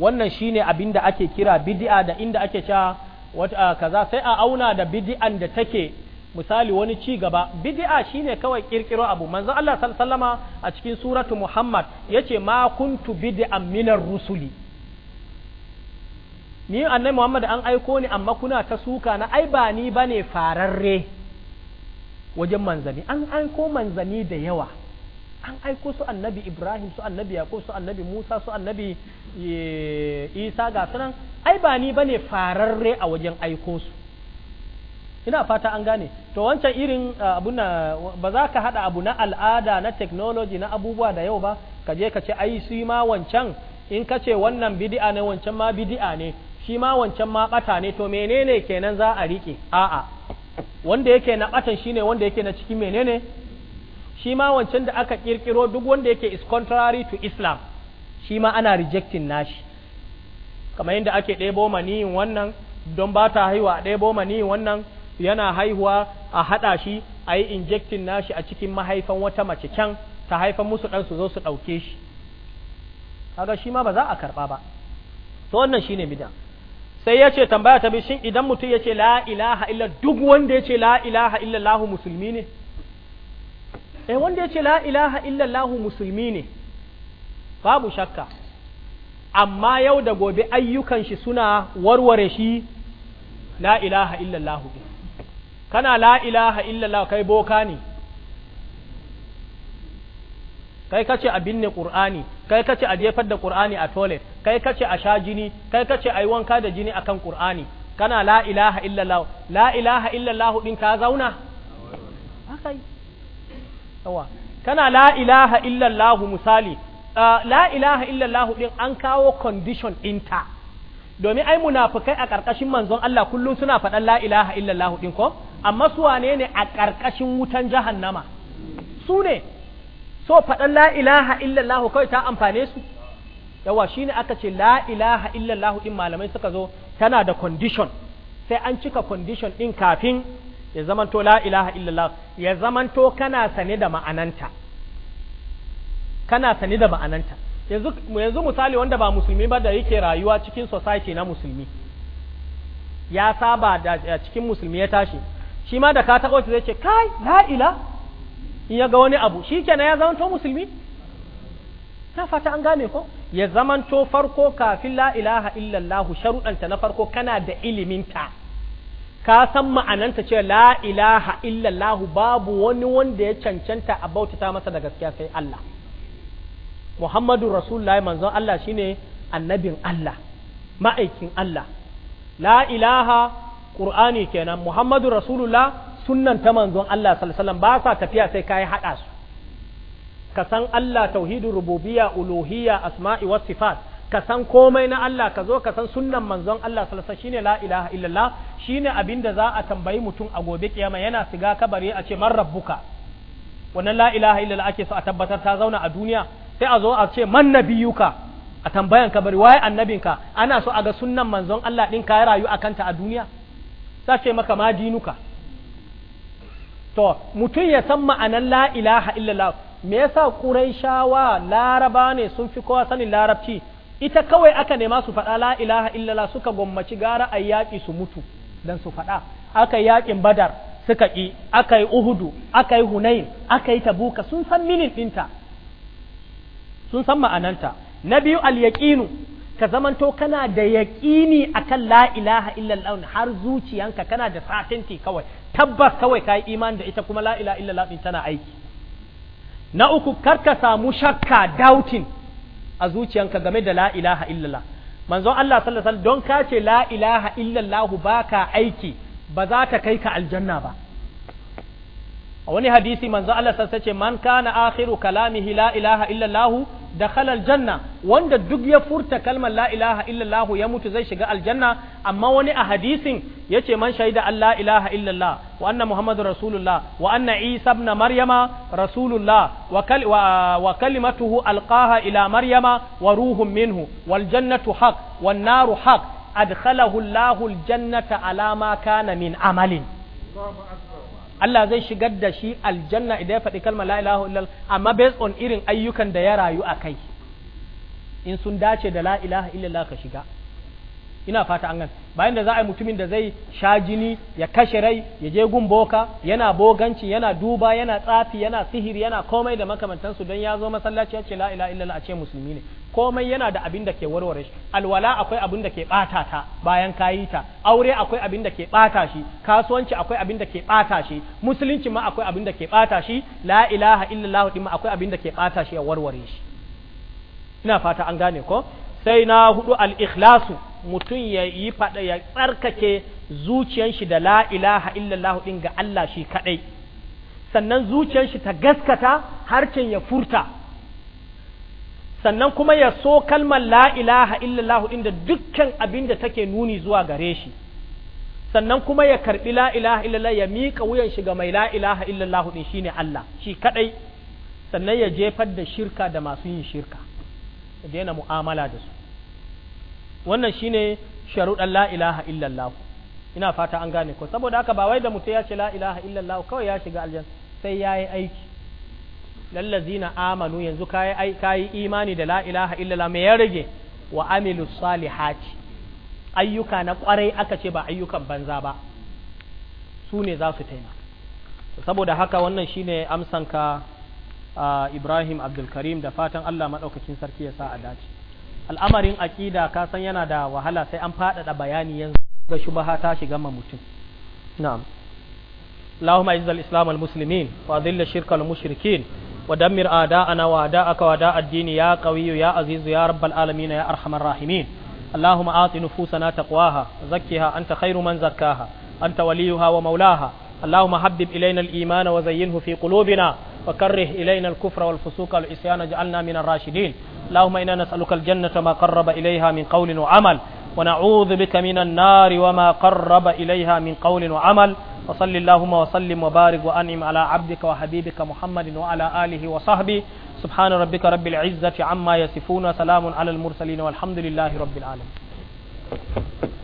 wannan shine abinda ake kira bid'a da inda ake cha wata kaza sai a auna da bid'an da take misali wani ci gaba bid'a shine kawai kirkiro abu manzo Allah sallallahu alaihi wasallama a cikin suratu Muhammad yace ma kuntu bid'an minar rusuli ni annai Muhammad an aiko ni amma kuna ta suka na ai ba ni bane fararre wajen manzani an aiko manzani da yawa an aiko su annabi Ibrahim su annabi yaqo su annabi Musa su annabi eh, Isa ga sunan ai ba ni bane fararre a wajen aiko su ina fata an gane to wancan irin eh, abu na ba za ka hada abu na al'ada na technology na abubuwa da yau ba ka je ka ce ai su ma wancan in ka ce wannan bid'a ne wancan ma bid'a ne shi ma wancan ma ɓata ne to menene kenan za a riƙe a'a wanda yake na ɓatan shine wanda yake na cikin menene shi ma wancan da aka ƙirƙiro duk wanda yake is contrary to Islam shi ma ana rejecting nashi kamar yadda ake ɗebo maniyin wannan don ba ta haihuwa a ɗebo maniyin wannan yana haihuwa a haɗa shi a yi injecting nashi a cikin mahaifan wata mace can ta haifan musu ɗan su zo su ɗauke shi kaga shi ma ba za a karɓa ba to wannan shine bid'a sai ya ce tambaya ta shin idan mutum ya ce la ilaha illa duk wanda ya ce la ilaha lahu musulmi ne eh wanda ya ce la ilaha lahu musulmi ne babu shakka amma yau da gobe ayyukan shi suna warware shi la ilaha illallahu kana la ilaha illallah kai boka ne kai kace a binne qur'ani kai kace a jefar da qur'ani a toilet kai kace a sha jini kai kace ai wanka da jini akan qur'ani kana la ilaha illallah la ilaha illallah din ka zauna akai yawa kana la ilaha illallah misali la ilaha illallah din an kawo condition inta domin ai munafikai a karkashin manzon Allah kullun suna faɗan la ilaha illallah din ko amma su wane ne a karkashin wutan jahannama su ne so faɗan la ilaha illallah kai ta amfane su yawa shine aka ce la ilaha illallah din malamai suka zo tana da condition sai an cika condition din kafin ya zamanto la ilaha illallah ya zamanto kana sane da ma'ananta kana sane da ma'ananta yanzu yanzu misali wanda ba musulmi ba da yake rayuwa cikin society na musulmi ya saba da cikin musulmi ya tashi shi ma da ka taɓa zai ce kai la ila in ya ga wani abu shi kenan ya zamanto musulmi ta fata an gane ko ya zamanto farko kafin la ilaha illallah sharuɗanta na farko kana da iliminta ka san ma'ananta cewa la ilaha illallah babu wani wanda ya cancanta a bautata masa da gaskiya sai Allah Muhammadu Rasulullah manzon Allah shine annabin Allah ma'aikin Allah la ilaha Qur'ani kenan Muhammadu Rasulullah sunnan ta manzon Allah sallallahu alaihi wasallam ba sa tafiya sai kai hada su ka san Allah tauhidin rububiyya uluhiyya asma'i was sifat ka san komai na Allah ka zo ka san sunnan manzon Allah sallallahu alaihi shine la ilaha illallah shine abinda za a tambayi mutum a gobe kiyama yana shiga kabari a ce man rabbuka wannan la ilaha illallah ake so a tabbatar ta zauna a duniya sai a zo a ce man nabiyuka a tambayan kabari waye annabinka ana so a ga sunnan manzon Allah din ka rayu akan ta a duniya sace maka ma dinuka to mutum ya san ma'anar la ilaha illallah me yasa quraishawa laraba ne sun fi kowa sanin larabci ita kawai aka nema su faɗa la ilaha illallah suka gwammaci gara a yaƙi su mutu dan su faɗa aka yaƙin badar suka ƙi aka yi uhudu aka yi hunain aka yi tabuka sun san minin ɗinta sun san ma'ananta na biyu al-yaqinu ka zamanto kana da yaƙini akan la ilaha illallah har zuciyanka kana da satinti kawai tabbas kawai ka yi imani da ita kuma la ilaha illallah tana aiki na uku karka samu shakka doubting a zuciyanka game da la ilaha illallah manzon Allah sallallahu alaihi don ka ce la ilaha illallah baka aiki ba za ta kai ka aljanna ba a wani hadisi manzo Allah sassa ce man kana akhiru kalamihi la ilaha da dakhala aljanna wanda duk ya furta kalmar la ilaha illallah ya mutu zai shiga aljanna amma wani a hadisin yace man shaida an la ilaha illallah wa anna muhammadur rasulullah wa anna isa ibn maryama rasulullah wa, kal wa, wa kalimatuhu alqaha ila maryama wa ruhun minhu wal jannatu haq wan naru haq adkhalahu allah aljannata ala ma kana min amalin Allahu akbar Allah zai shigar da shi aljanna idan ya faɗi kalmar la ilaha amma based on irin ayyukan da ya rayu a kai in sun dace da la ilaha ka shiga ina fata an gan bayan da za a yi mutumin da zai sha jini ya kashe rai ya je gun boka yana boganci yana duba yana tsafi yana sihiri yana komai da makamantansu don ya zo masallaci ya ce la ilaha a ce musulmi ne komai yana da abin da ke warware shi alwala akwai abin da ke bata ta bayan kayi ta aure akwai abin da ke bata shi kasuwanci akwai abin da ke bata shi musulunci ma akwai abin da ke bata shi la ilaha illallah din ma akwai abin da ke bata shi ya warware shi ina fata an gane ko sai na hudu al-ikhlasu mutum ya yi fada ya tsarkake zuciyar shi da la ilaha illallah din ga Allah shi kadai sannan zuciyar shi ta gaskata harcin ya furta sannan kuma ya so kalmar la ilaha illallah inda dukkan abin da take nuni zuwa gare shi sannan kuma ya karbi la ilaha illallah ya mika wuyan shi ga mai la ilaha illallah din shine Allah shi kadai sannan ya jefar da shirka da masu yin shirka ya daina mu'amala da su wannan shine sharuɗan la ilaha illallah ina fata an gane ko saboda haka ba wai da mutum ya ce la ilaha illallah kawai ya shiga aljanna sai yayi aiki zina amanu yanzu kayi kayi imani da la ilaha illallah me ya rage wa amilu salihati ayyuka na kwarai aka ce ba ayyukan banza ba su ne za su taimaka saboda haka wannan shine amsanka Ibrahim Abdulkarim da fatan Allah maɗaukakin sarki ya sa a dace al'amarin aƙida ka san yana da wahala sai an faɗaɗa bayani yanzu ga shubaha ta shiga ma mutum na'am اللهم اعز الاسلام والمسلمين واذل الشرك والمشركين ودمر آداءنا وآداءك وآداء الدين يا قوي يا عزيز يا رب العالمين يا أرحم الراحمين اللهم آت نفوسنا تقواها زكها أنت خير من زكاها أنت وليها ومولاها اللهم حبب إلينا الإيمان وزينه في قلوبنا وكره إلينا الكفر والفسوق والعصيان اجعلنا من الراشدين اللهم إنا نسألك الجنة ما قرب إليها من قول وعمل ونعوذ بك من النار وما قرب إليها من قول وعمل وصل اللهم وسلم وبارك وأنعم على عبدك وحبيبك محمد وعلى آله وصحبه سبحان ربك رب العزة عما يصفون سلام على المرسلين والحمد لله رب العالمين